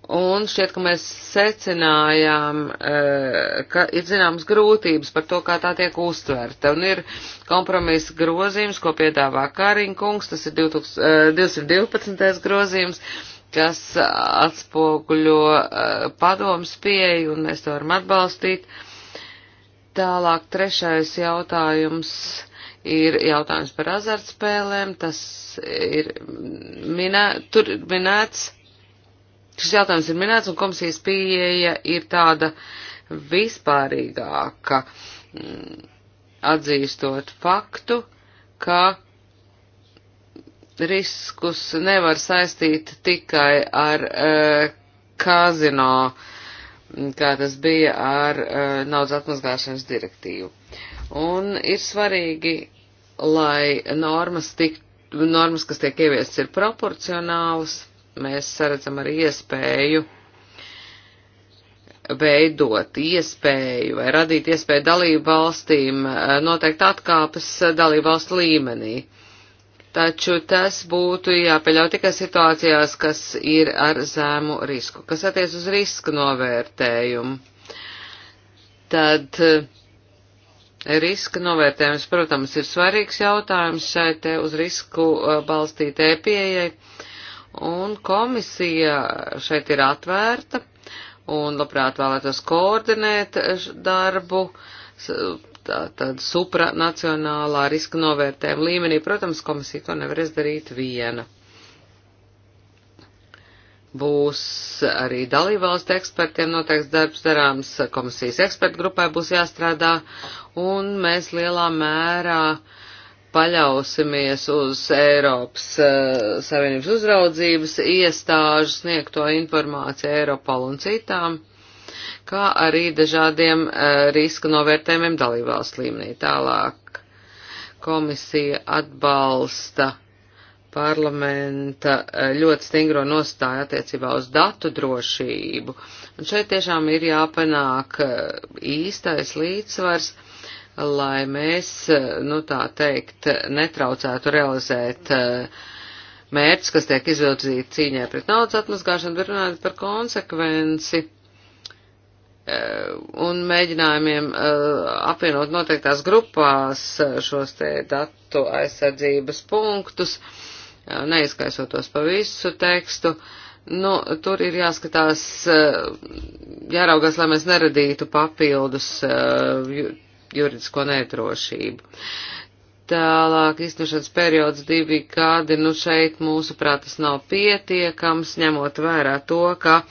Un šķiet, ka mēs secinājām, e, ka ir zināmas grūtības par to, kā tā tiek uztverta. Un ir kompromisa grozījums, ko piedāvā Kāriņkungs, tas ir 2000, 212. E, grozījums, kas atspoguļo e, padomas pieeju, un mēs to varam atbalstīt. Tālāk trešais jautājums ir jautājums par azartspēlēm, tas ir minē, tur minēts Šis jautājums ir minēts, un komisijas pieeja ir tāda vispārīgāka, mm, atzīstot faktu, ka riskus nevar saistīt tikai ar uh, kazino, kā tas bija ar uh, naudas atmazgāšanas direktīvu. Un ir svarīgi, lai normas, tik, normas kas tiek ieviestas, ir proporcionālas mēs saredzam arī iespēju veidot iespēju vai radīt iespēju dalību valstīm eh, noteikt atkāpes dalību valstu līmenī. Taču tas būtu jāpieļauj tikai situācijās, kas ir ar zēmu risku, kas attiec uz riska novērtējumu. Tad eh, riska novērtējums, protams, ir svarīgs jautājums šai te uz risku eh, balstītē pieejai. Uh, un komisija šeit ir atvērta un labprāt vēlētos koordinēt darbu tātad supranacionālā riska novērtējuma līmenī. Protams, komisija to nevar izdarīt viena. Būs arī dalībvalstu ekspertiem noteikts darbs darāms, komisijas ekspertgrupai būs jāstrādā, un mēs lielā mērā uh, paļausimies uz Eiropas uh, Savienības uzraudzības iestāžu sniegto informāciju Eiropal un citām, kā arī dažādiem uh, riska novērtējumiem dalībvalsts līmenī. Tālāk komisija atbalsta parlamenta uh, ļoti stingro nostāju attiecībā uz datu drošību. Un šeit tiešām ir jāpanāk īstais līdzsvars lai mēs, nu tā teikt, netraucētu realizēt eh, mērķus, kas tiek izvirzīti cīņai pret naudas atmazgāšanu, bet runājot par konsekvenci eh, un mēģinājumiem eh, apvienot noteiktās grupās šos te datu aizsardzības punktus, neizkaisot tos pa visu tekstu. Nu, tur ir jāskatās, jāraugās, lai mēs neradītu papildus juridisko nedrošību. Tālāk izdošanas periods divi gadi, nu šeit mūsuprāt tas nav pietiekams, ņemot vērā to, ka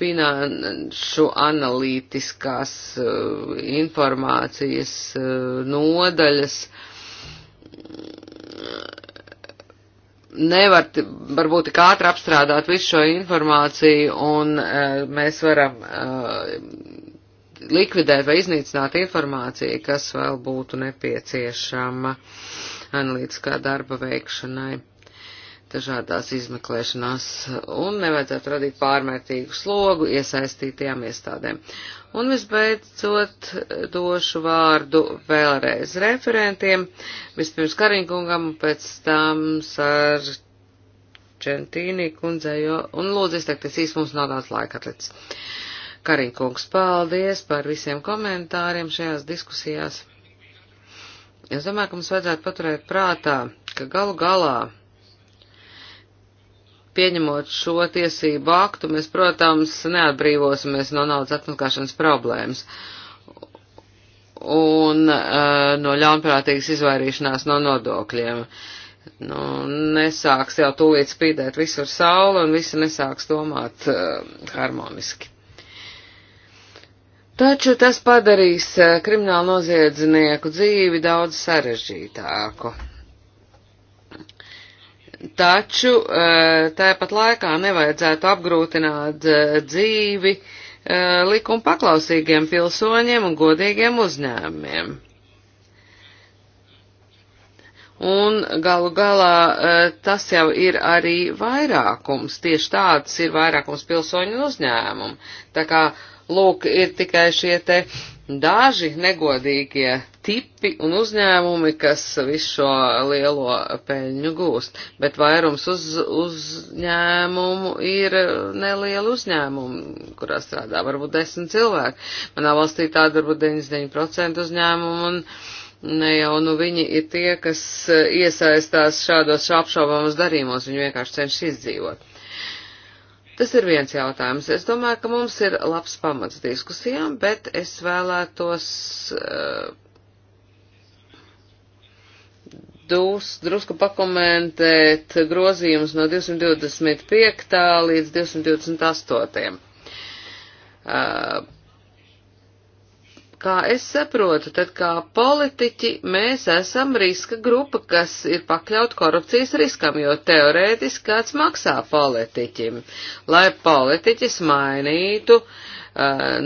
finanšu analītiskās uh, informācijas uh, nodaļas eh, nevar varbūt tik ātri apstrādāt visu šo informāciju un uh, mēs varam uh, likvidēt vai iznīcināt informāciju, kas vēl būtu nepieciešama analītiskā darba veikšanai dažādās izmeklēšanās un nevajadzētu radīt pārmērtīgu slogu iesaistītajām iestādēm. Un visbeidzot došu vārdu vēlreiz referentiem, vispirms Kariņkungam, pēc tam Sarčentīnī kundzējo, un lūdzu izteikties īsti, mums nav daudz laika atlicis. Kariņkungs, paldies par visiem komentāriem šajās diskusijās. Es domāju, ka mums vajadzētu paturēt prātā, ka galu galā, pieņemot šo tiesību aktu, mēs, protams, neatbrīvosimies no naudas atmaskāšanas problēmas un uh, no ļaunprātīgas izvairīšanās no nodokļiem. Nu, nesāks jau tūlīt spīdēt visur sauli un visi nesāks domāt uh, harmoniski. Taču tas padarīs eh, kriminālu noziedznieku dzīvi daudz sarežģītāku. Taču eh, tāpat laikā nevajadzētu apgrūtināt eh, dzīvi likuma paklausīgiem pilsoņiem un godīgiem uzņēmumiem. Un galu galā tas jau ir arī vairākums, tieši tāds ir vairākums pilsoņu un uzņēmumu. Tā kā uh, lūk, ir tikai šie te daži negodīgie tipi un uzņēmumi, kas visu šo lielo peļņu gūst, bet vairums uz, uzņēmumu ir neliela uzņēmuma, kurā strādā varbūt desmit cilvēki. Manā valstī tāda varbūt 99% uzņēmumu un ne jau nu viņi ir tie, kas iesaistās šādos apšaubamos darījumos, viņi vienkārši cenšas izdzīvot. Tas ir viens jautājums. Es domāju, ka mums ir labs pamats diskusijām, bet es vēlētos uh, dus, drusku pakomentēt grozījumus no 225. līdz 228. Uh, Kā es saprotu, tad kā politiķi mēs esam riska grupa, kas ir pakļaut korupcijas riskam, jo teorētiski kāds maksā politiķim, lai politiķis mainītu uh,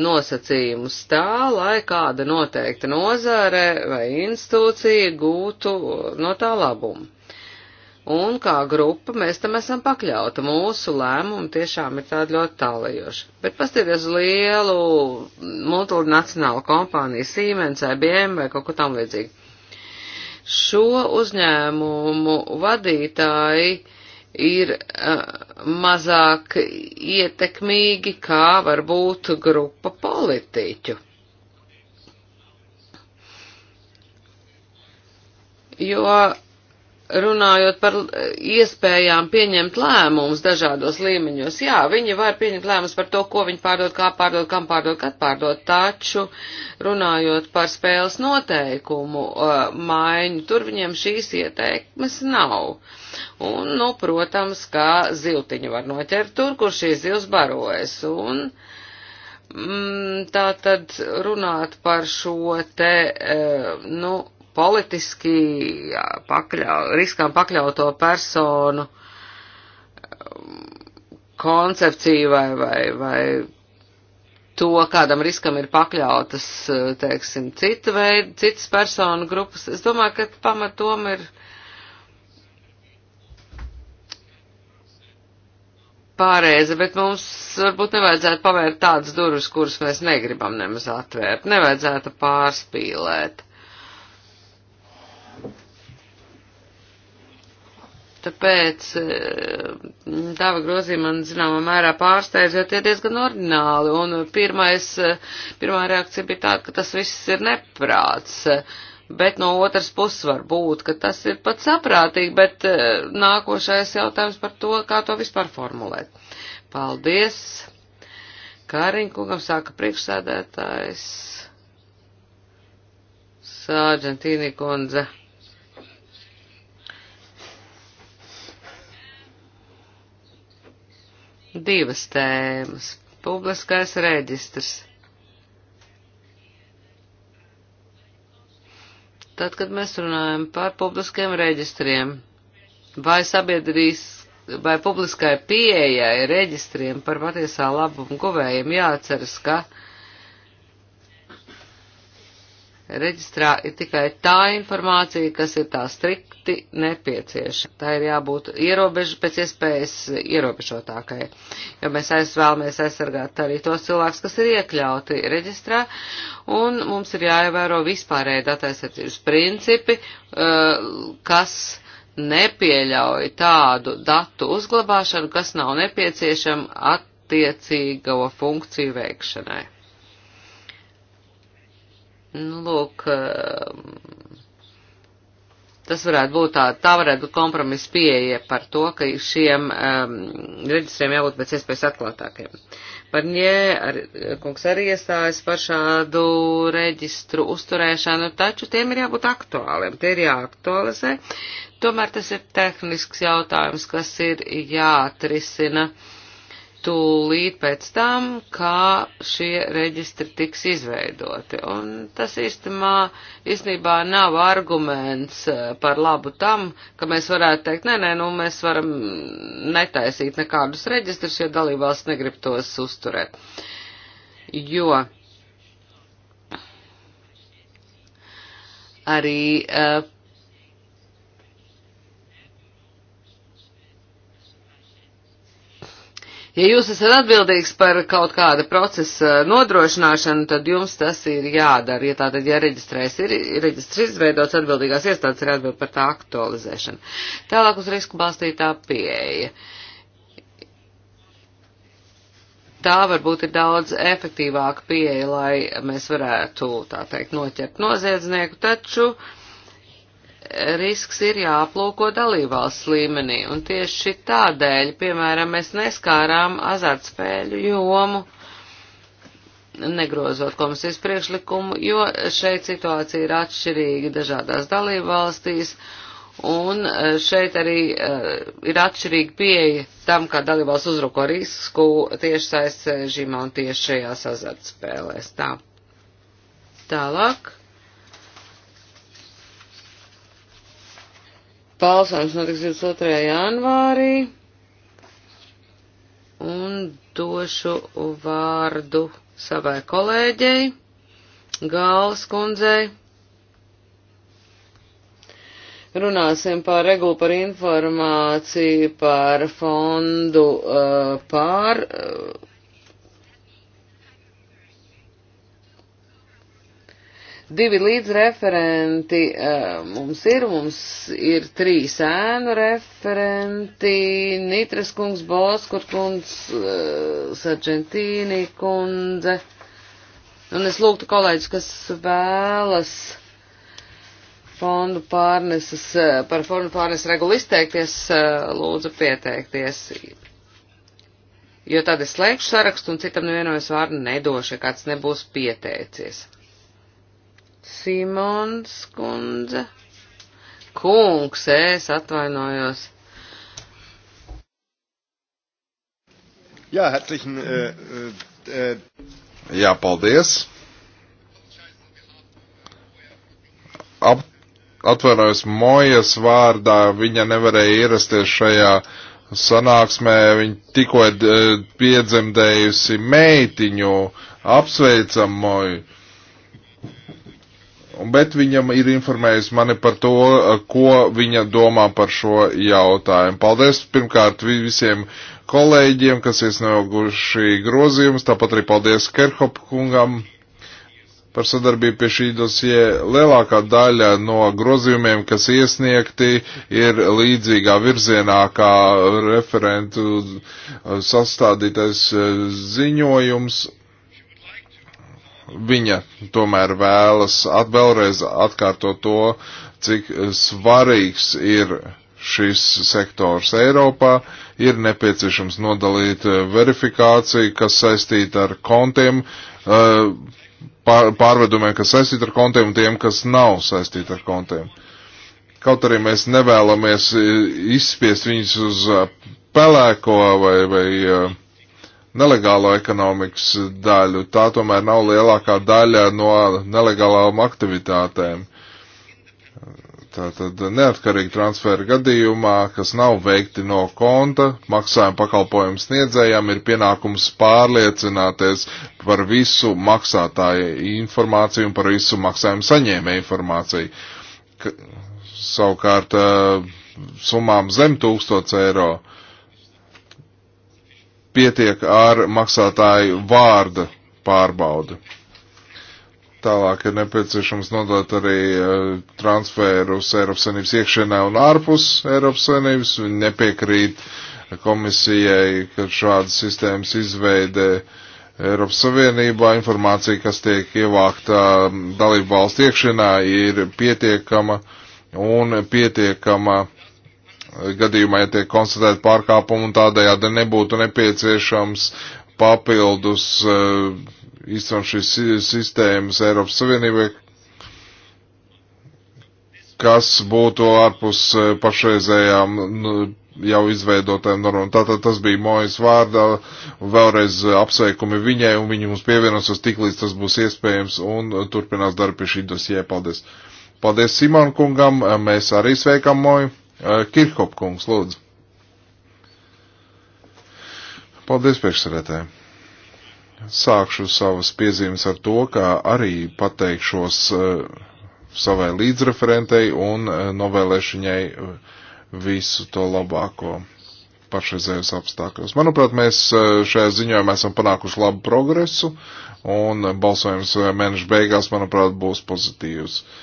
nosacījumus tā, lai kāda noteikta nozare vai institūcija gūtu eh, no tā labumu. Un kā grupa mēs tam esam pakļauti. Mūsu lēmumi tiešām ir tādi ļoti tālajoši. Bet pastīties uz lielu multinacionālu kompāniju, Siemens, IBM vai kaut ko tam līdzīgi. Šo uzņēmumu vadītāji ir uh, mazāk ietekmīgi kā varbūt grupa politiķu. Jo runājot par iespējām pieņemt lēmumus dažādos līmeņos. Jā, viņi var pieņemt lēmumus par to, ko viņi pārdod, kā pārdod, kam pārdod, kad pārdod, taču runājot par spēles noteikumu maiņu, tur viņiem šīs ieteikmes nav. Un, nu, protams, kā ziltiņu var noķert tur, kur šīs zils barojas. Un, mm, tā tad runāt par šo te, nu, politiski jā, pakļau, riskām pakļauto personu um, koncepciju vai, vai, vai to, kādam riskam ir pakļautas, uh, teiksim, cita veida, citas personu grupas. Es domāju, ka pamatom ir pārēze, bet mums varbūt nevajadzētu pavērt tādas durvis, kuras mēs negribam nemaz atvērt. Nevajadzētu pārspīlēt. Tāpēc tava e, grozījuma man zināmā mērā pārsteidz, jo tie diezgan ordināli. Un pirmais, e, pirmā reakcija bija tāda, ka tas viss ir neprāts. Bet no otras puses var būt, ka tas ir pat saprātīgi, bet e, nākošais jautājums par to, kā to vispār formulēt. Paldies! Kāriņkungam sāka priekšsēdētājs Sāģentīni kundze. divas tēmas. Publiskais reģistrs. Tad, kad mēs runājam par publiskiem reģistriem, vai sabiedrīs, vai publiskai pieejai reģistriem par patiesā labumu guvējiem jāatceras, ka uh, reģistrā ir tikai tā informācija, kas ir tā strikti nepieciešama. Tā ir jābūt ierobež, pēc iespējas ierobežotākai, jo mēs aiz, vēlamies aizsargāt arī tos cilvēkus, kas ir iekļauti reģistrā, un mums ir jāievēro vispārēji dataizsardzības principi, uh, kas nepieļauj tādu datu uzglabāšanu, kas nav nepieciešama attiecīgo funkciju veikšanai. Nu, lūk, eh, tas varētu būt tā, tā varētu būt kompromisa pieeja par to, ka šiem um, reģistriem jābūt pēc iespējas atklātākiem. Barņē ar, kungs arī iestājas par šādu reģistru uzturēšanu, taču tiem ir jābūt aktuāliem, tie ir jāaktualizē. Tomēr tas ir tehnisks jautājums, kas ir jāatrisina. Uh, tūlīt pēc tam, kā šie reģistri tiks izveidoti. Un tas īstumā, īstenībā nav arguments eh, par labu tam, ka mēs varētu teikt, nē, nē, nu mēs varam netaisīt nekādus reģistrus, ja dalībvalsts negrib tos uzturēt. Jo arī uh, Ja jūs esat atbildīgs par kaut kāda procesa nodrošināšanu, tad jums tas ir jādara. Ja tātad, ja reģistrēs ir reģistrs izveidots, atbildīgās iestādes ir atbild par tā aktualizēšanu. Tālāk uz risku balstītā pieeja. Tā varbūt ir daudz efektīvāka pieeja, lai mēs varētu, tā teikt, noķert noziedznieku, taču. Uh, risks ir jāaplūko dalībvalsts līmenī, un tieši tādēļ, piemēram, mēs neskārām azartspēļu jomu, negrozot komisijas priekšlikumu, jo šeit situācija ir atšķirīga dažādās dalībvalstīs, un e, šeit arī uh, ir atšķirīga pieeja tam, kā dalībvalsts uzruko risku tieši saistēžīmā un tieši šajās azartspēlēs. Tā. Tālāk. Balsojums notiks 22. janvārī. Un došu vārdu savai kolēģei, Gāles kundzei. Runāsim par regulu par informāciju par fondu uh, pār. Uh, Divi līdzreferenti eh, mums ir, mums ir trīs ēnu referenti, Nitras kungs, Boskur kungs, eh, Sargentīni kundze. Un es lūgtu kolēģis, kas vēlas fondu pārneses, eh, par fondu pārneses regulu izteikties, lūdzu pieteikties. Jo tad es slēgšu sarakstu un citam nevienojas vārdu nedošu, ja kāds nebūs pieteicies. Simons kundze. Kungs, es atvainojos. Jā, herzlichen. Uh, uh, uh. Jā, paldies. Ap, atvainojos Mojas vārdā, viņa nevarēja ierasties šajā sanāksmē, viņa tikko ir piedzemdējusi meitiņu, apsveicam Moju bet viņam ir informējis mani par to, eh, ko viņa domā par šo jautājumu. Paldies pirmkārt visiem kolēģiem, kas iesnieguši grozījumus, tāpat arī paldies Kerhop kungam par sadarbību pie šī dosie. Lielākā daļa no grozījumiem, kas iesniegti, ir līdzīgā virzienā kā referentu sastādītais eh, ziņojums, viņa tomēr vēlas at, vēlreiz atkārtot to, cik svarīgs ir šis sektors Eiropā. Ir nepieciešams nodalīt eh, verifikāciju, kas saistīta ar kontiem, eh, pārvedumiem, kas saistīta ar kontiem un tiem, kas nav saistīti ar kontiem. Kaut arī mēs nevēlamies eh, izspiest viņus uz pelēko vai, vai uh, nelegālo ekonomikas daļu. Tā tomēr nav lielākā daļa no nelegālām aktivitātēm. Tātad neatkarīgi transferi gadījumā, kas nav veikti no konta, maksājuma pakalpojumu sniedzējām ir pienākums pārliecināties par visu maksātāja informāciju un par visu maksājumu saņēmē informāciju. Ka, savukārt eh, summām zem 1000 eiro uh, pietiek ar maksātāju vārdu pārbaudu. Tālāk ir nepieciešams nodot arī eh, transferus Eiropas Savienības iekšienē un ārpus Eiropas Savienības. Nepiekrīt komisijai, ka šādas sistēmas izveide Eiropas Savienībā informācija, kas tiek ievākta mm, dalību valstu iekšienā, ir pietiekama un pietiekama gadījumā, ja tiek konstatēta pārkāpuma un tādējādi nebūtu nepieciešams papildus eh, īstenot šīs sistēmas Eiropas Savienībai, kas būtu ārpus eh, pašreizējām nu, jau izveidotēm normām. Tātad tas bija Mojas vārdā, vēlreiz apsveikumi viņai, un viņi mums pievienosies tik līdz tas būs iespējams, un turpinās darbu pie šī dosijē. Paldies! Paldies Simon kungam, mēs arī sveikam Moju! Uh, Kirhop kungs, lūdzu. Paldies, priekšsarētē. Sākšu savas piezīmes ar to, ka arī pateikšos uh, savai līdzreferentei un uh, novēlēšu viņai visu to labāko pašreizējos apstākļos. Manuprāt, mēs šajā ziņojumā esam panākuši labu progresu un balsojums mēneša beigās, manuprāt, būs pozitīvs. Uh,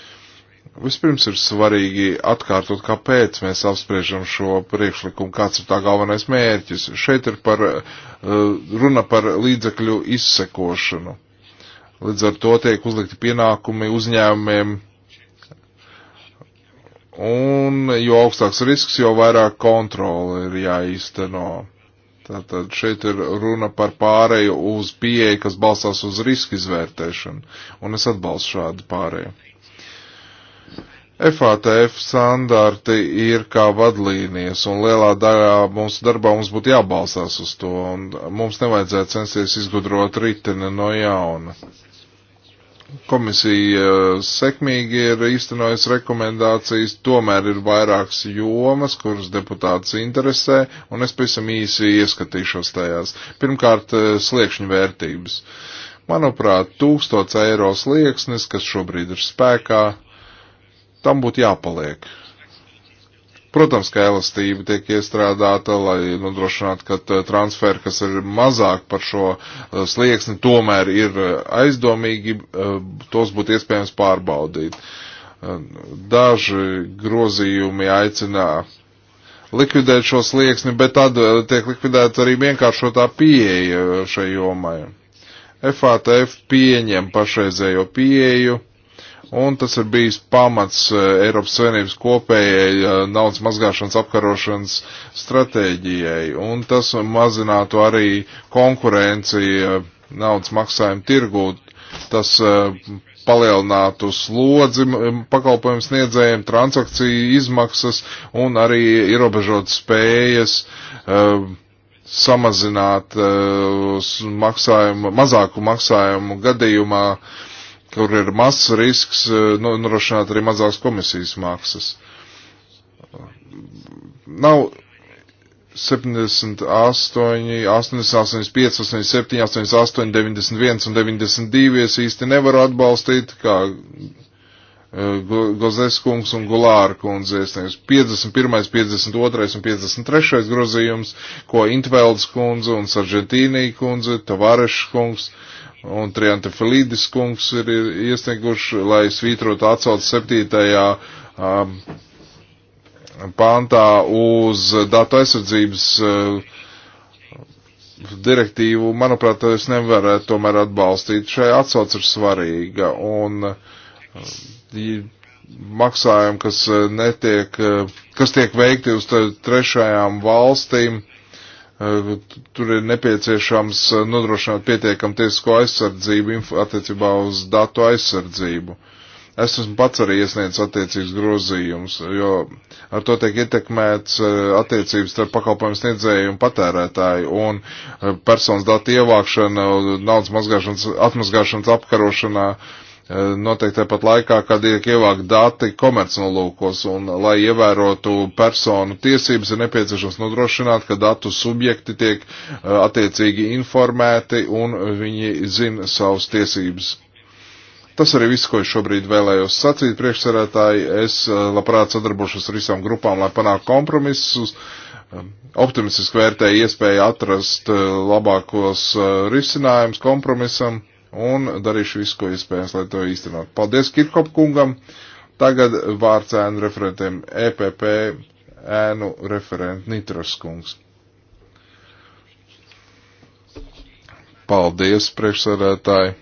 Vispirms ir svarīgi atkārtot, kāpēc mēs apspriežam šo priekšlikumu, kāds ir tā galvenais mērķis. Šeit ir par, eh, runa par līdzekļu izsekošanu. Līdz ar to tiek uzlikti pienākumi uzņēmumiem, un jo augstāks risks, jo vairāk kontroli ir jāīsteno. Tātad šeit ir runa par pārēju uz pieeju, kas balstās uz riska izvērtēšanu, un es atbalstu šādu pārēju. FATF standarti ir kā vadlīnijas, un lielā daļā mūsu darbā mums būtu jābalsās uz to, un mums nevajadzētu censties izgudrot riteni no jauna. Komisija eh, sekmīgi ir īstenojusi rekomendācijas, tomēr ir vairākas jomas, kuras deputāts interesē, un es pavisam īsi ieskatīšos tajās. Pirmkārt, eh, sliekšņu vērtības. Manuprāt, tūkstots eiro slieksnis, kas šobrīd ir spēkā, tam būtu jāpaliek. Protams, ka elastība tiek iestrādāta, lai nodrošinātu, ka eh, transferi, kas ir mazāk par šo eh, slieksni, tomēr ir eh, aizdomīgi, tos būtu iespējams pārbaudīt. Daži grozījumi aicinā likvidēt šo slieksni, bet tad tiek likvidēta arī vienkāršotā pieeja šai jomai. FATF pieņem pašreizējo pieeju un tas ir bijis pamats eh, Eiropas Savienības kopējai eh, naudas mazgāšanas apkarošanas stratēģijai, un tas mazinātu arī konkurenci eh, naudas maksājumu tirgū. Tas palielinātu slodzi pakalpojumu sniedzējiem, transakciju izmaksas un arī ierobežot spējas uh, samazināt uh, maksājumu, mazāku maksājumu gadījumā uh, Tur ir mazs risks eh, nu, norošināt arī mazās komisijas maksas. Nav 78, 88, 85, 87, 88, 91 un 92 es īsti nevaru atbalstīt, kā eh, Gozes kungs un Gulāra kungs iesniegs 51, 52 un 53 grozījums, ko Intvelds kundze un Sargentīnī kundze, Tavareša kungs un Trianta Filīdis kungs ir iesnieguši, lai svītrotu atsauc 7. Um, pāntā uz datu aizsardzības uh, direktīvu, manuprāt, es nevarētu tomēr atbalstīt. Šai atsauc ir svarīga un uh, maksājumi, kas uh, netiek, uh, kas tiek veikti uz trešajām valstīm, Eh, tur ir nepieciešams eh, nodrošināt pietiekam tiesisko aizsardzību attiecībā uz datu aizsardzību. Es esmu pats arī iesniedzis attiecības grozījumus, jo ar to tiek ietekmēts eh, attiecības starp pakalpojumu sniedzēju un patērētāju un personas datu ievākšana, naudas mazgāšanas, atmazgāšanas apkarošanā. Uh, Eh, noteikti pat laikā, kad tiek ievākt dati komercnolūkos, un lai ievērotu personu tiesības, ir nepieciešams nodrošināt, ka datu subjekti tiek eh, attiecīgi informēti un viņi zina savas tiesības. Tas arī viss, ko es šobrīd vēlējos sacīt priekšsarētāji. Es eh, labprāt sadarbošos ar visām grupām, lai panāktu kompromisus. Optimistiski vērtēju iespēju atrast labākos risinājumus kompromisam un darīšu visu, ko iespējams, lai to īstenot. Paldies Kirkop kungam. Tagad vārds ēnu referentiem EPP ēnu referentu Nitras kungs. Paldies, priekšsēdētāji.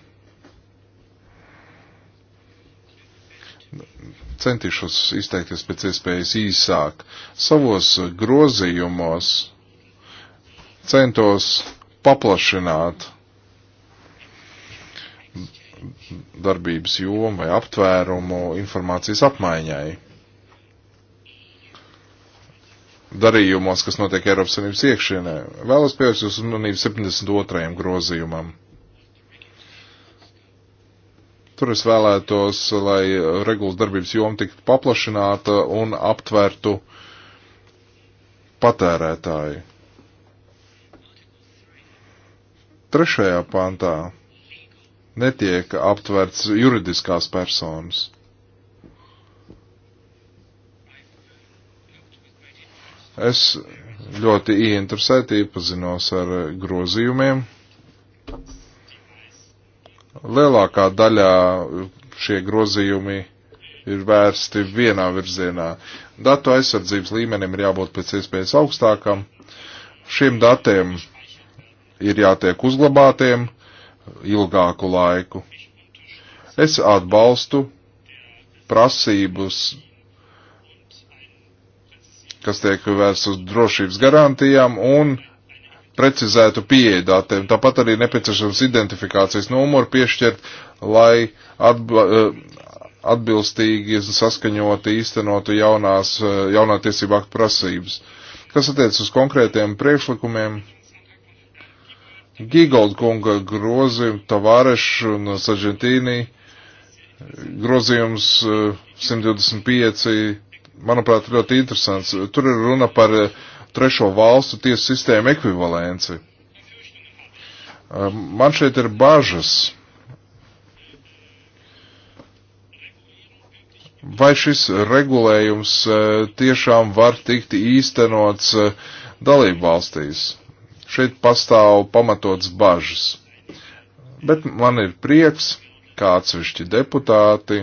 Centīšos izteikties pēc iespējas īsāk. Savos grozījumos centos paplašināt darbības jomu vai aptvērumu informācijas apmaiņai. Darījumos, kas notiek Eiropas Savienības iekšienē, vēlos pievērst jūsu uzmanību 72. grozījumam. Tur es vēlētos, lai regulas darbības joma tiktu paplašināta un aptvertu patērētāju. Trešajā pantā netiek aptverts juridiskās personas. Es ļoti ieinteresēti iepazinos ar grozījumiem. Lielākā daļā šie grozījumi ir vērsti vienā virzienā. Datu aizsardzības līmenim ir jābūt pēc iespējas augstākam. Šiem datiem ir jātiek uzglabātiem ilgāku laiku. Es atbalstu prasības, kas tiek vērsts uz drošības garantijām un precizētu pieeja datiem. Tāpat arī nepieciešams identifikācijas numuru piešķirt, lai atba, eh, atbilstīgi saskaņoti īstenotu jaunās, eh, jaunā tiesību aktu prasības. Kas attiec uz konkrētiem priekšlikumiem, Gigold kunga grozījums, Tavarešu un Sargentīnī grozījums 125, manuprāt, ļoti interesants. Tur ir runa par eh, trešo valstu tiesu sistēmu ekvivalenci. Eh, man šeit ir bažas. Vai šis regulējums eh, tiešām var tikt īstenots dalību valstīs? Šeit pastāv pamatots bažas. Bet man ir prieks, kā atsevišķi deputāti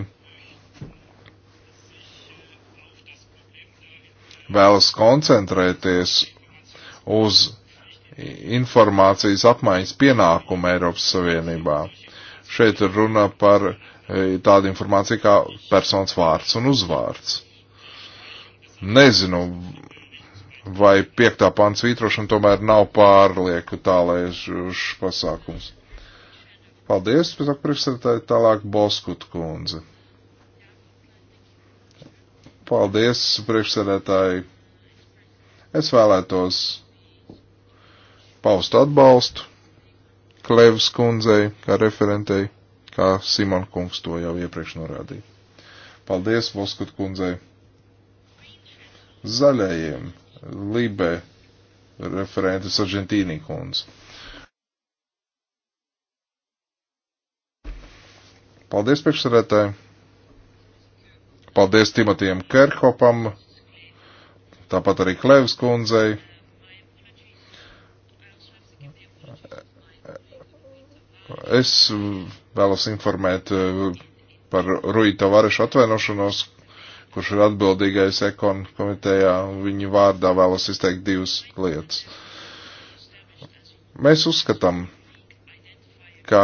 vēlas koncentrēties uz informācijas apmaiņas pienākumu Eiropas Savienībā. Šeit ir runa par e, tādu informāciju kā personas vārds un uzvārds. Nezinu, vai piektā pants vītrošana tomēr nav pārlieku tālējušs pasākums. Paldies, pēc priekšsēdētāji, tālāk Boskut kundze. Paldies, priekšsēdētāji. Es vēlētos paust atbalstu Klevs kundzei, kā referentei, kā Simon kungs to jau iepriekš norādīja. Paldies, Boskut kundzei. Zaļajiem Libe referente Sargentīnī kundze. Paldies priekšsarētāji. Paldies Timotiem Kerhopam, tāpat arī Klevs kundzei. Es vēlos informēt eh, par Rui Tavarešu atvainošanos, kurš ir atbildīgais ekonu komitejā, viņa vārdā vēlas izteikt divas lietas. Mēs uzskatām, ka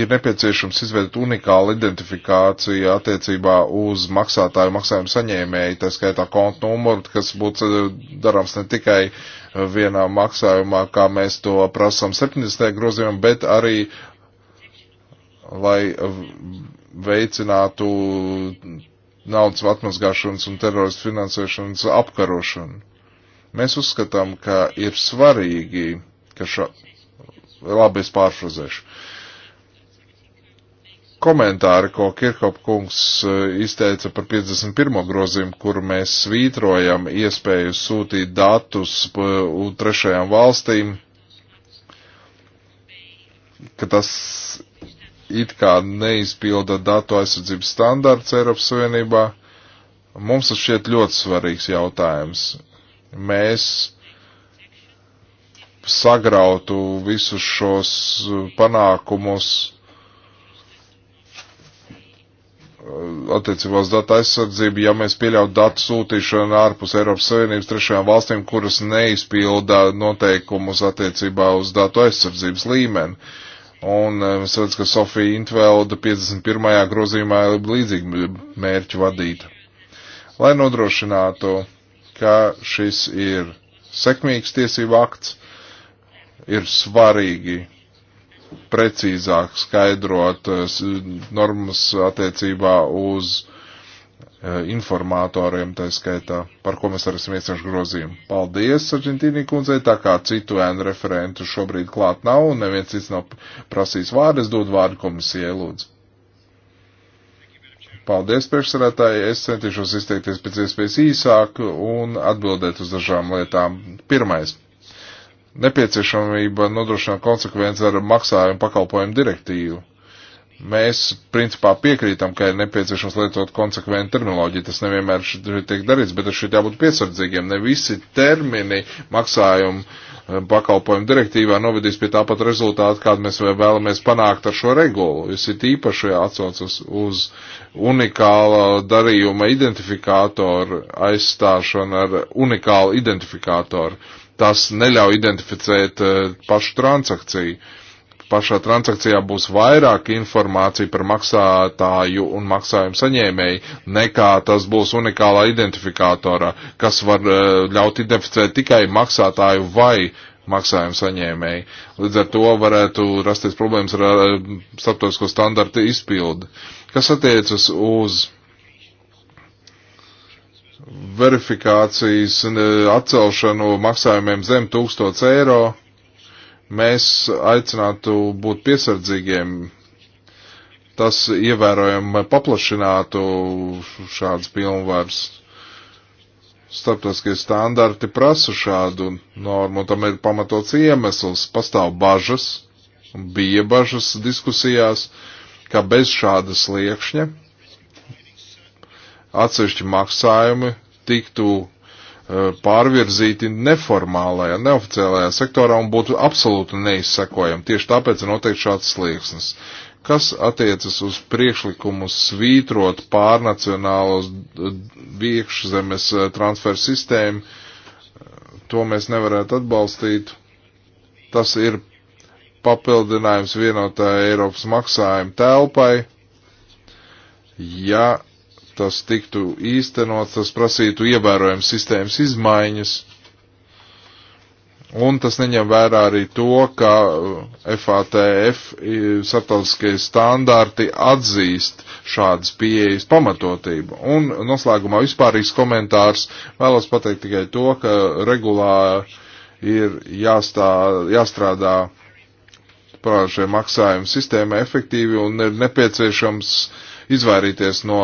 ir nepieciešams izveidot unikālu identifikāciju attiecībā uz maksātāju maksājumu saņēmēju, tā skaitā kontu numuru, kas būtu darams ne tikai vienā maksājumā, kā mēs to prasām 70. grozījumam, bet arī, lai veicinātu naudas atmazgāšanas un teroristu finansēšanas apkarošanu. Mēs uzskatām, ka ir svarīgi, ka šo, labi es pārfrazēšu, komentāri, ko Kirkop kungs eh, izteica par 51. grozījumu, kur mēs svītrojam iespēju sūtīt datus eh, trešajām valstīm, ka tas it kā neizpilda datu aizsardzības standārts Eiropas Savienībā. Mums tas šķiet ļoti svarīgs jautājums. Mēs sagrautu visus šos panākumus uh, attiecībā uz datu aizsardzību, ja mēs pieļautu datu sūtīšanu ārpus Eiropas Savienības trešajām valstīm, kuras neizpilda noteikumus attiecībā uz datu aizsardzības līmeni. Uh, Un eh, es redzu, ka Sofija Intvelda 51. grozījumā ir līdzīgi mērķi vadīta. Lai nodrošinātu, ka šis ir sekmīgs tiesību akts, ir svarīgi precīzāk skaidrot eh, normas attiecībā uz E, informātoriem, tā skaitā, par ko mēs varēsim iesniegt grozījumu. Paldies, Argentīnī kundzei, tā kā citu ēnu referentu šobrīd klāt nav un neviens cits nav prasījis vārdu, es dodu vārdu komisijai, lūdzu. Paldies, priekšsarētāji, es centīšos izteikties pēc iespējas īsāk un atbildēt uz dažām lietām. Pirmais. Nepieciešamība nodrošināt konsekvenci ar maksājumu pakalpojumu direktīvu Mēs, principā, piekrītam, ka ir nepieciešams lietot konsekventu terminoloģiju. Tas nevienmēr tiek darīts, bet ar šeit jābūt piesardzīgiem. Ne visi termini maksājumu eh, pakalpojumu direktīvā novedīs pie tāpat rezultātu, kādu mēs vēlamies panākt ar šo regulu. Jūs ir īpaši atsaucas uz unikāla darījuma identifikātoru aizstāšanu ar unikālu identifikātoru. Tas neļauj identificēt eh, pašu transakciju. Uh, pašā transakcijā būs vairāk informācija par maksātāju un maksājumu saņēmēju, nekā tas būs unikālā identifikātorā, kas var eh, ļaut identificēt tikai maksātāju vai maksājumu saņēmēju. Līdz ar to varētu rasties problēmas ar eh, starptautisko standartu izpildi. Kas attiecas uz verifikācijas eh, atcelšanu maksājumiem zem 1000 eiro, mēs aicinātu būt piesardzīgiem. Tas ievērojami paplašinātu šādas pilnvaras. Starptautiskie standarti prasa šādu normu, un tam ir pamatots iemesls. Pastāv bažas, bija bažas diskusijās, ka bez šāda sliekšņa atsevišķi maksājumi tiktu Eh, pārvirzīti neformālajā, neoficiālajā sektorā un būtu absolūti neizsekojami. Tieši tāpēc ir noteikti šāds slieksnis. Kas attiecas uz priekšlikumu svītrot pārnacionālos viekšzemes eh, transfer sistēmu, eh, to mēs nevarētu atbalstīt. Tas ir papildinājums vienotā Eiropas maksājuma telpai. Ja tas tiktu īstenots, tas prasītu ievērojams sistēmas izmaiņas. Un tas neņem vērā arī to, ka FATF starptautiskie standarti atzīst šādas pieejas pamatotību. Un noslēgumā vispārīgs komentārs vēlos pateikt tikai to, ka regulā ir jāstā, jāstrādā par šiem maksājumu sistēmai efektīvi un ir nepieciešams uh, izvairīties no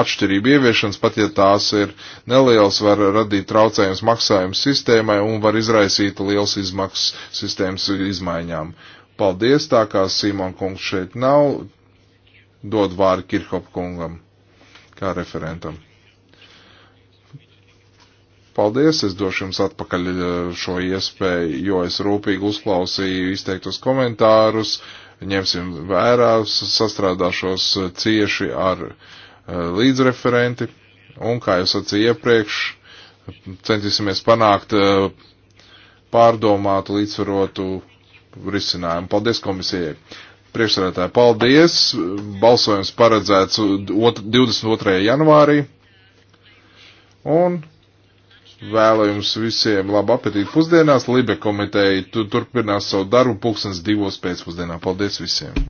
atšķirību ieviešanas, pat ja tās ir nelielas, var radīt traucējums maksājumu sistēmai un var izraisīt liels izmaksas sistēmas izmaiņām. Paldies, tā kā Simon kungs šeit nav, dod vārdu Kirhop kungam kā referentam. Paldies, es došu jums atpakaļ eh, šo iespēju, jo es rūpīgi uzklausīju izteiktos komentārus, uh, ņemsim vērā, sastrādāšos eh, cieši ar eh, līdzreferenti un, kā jau sacīju iepriekš, centīsimies panākt eh, pārdomātu, līdzsvarotu risinājumu. Paldies komisijai! Priekšsēdētāji, paldies! Balsojums paredzēts 22. janvārī. Un Vēlu jums visiem labu apetīti pusdienās. Libe komiteja turpinās savu darbu pulkstens divos pēcpusdienā. Paldies visiem!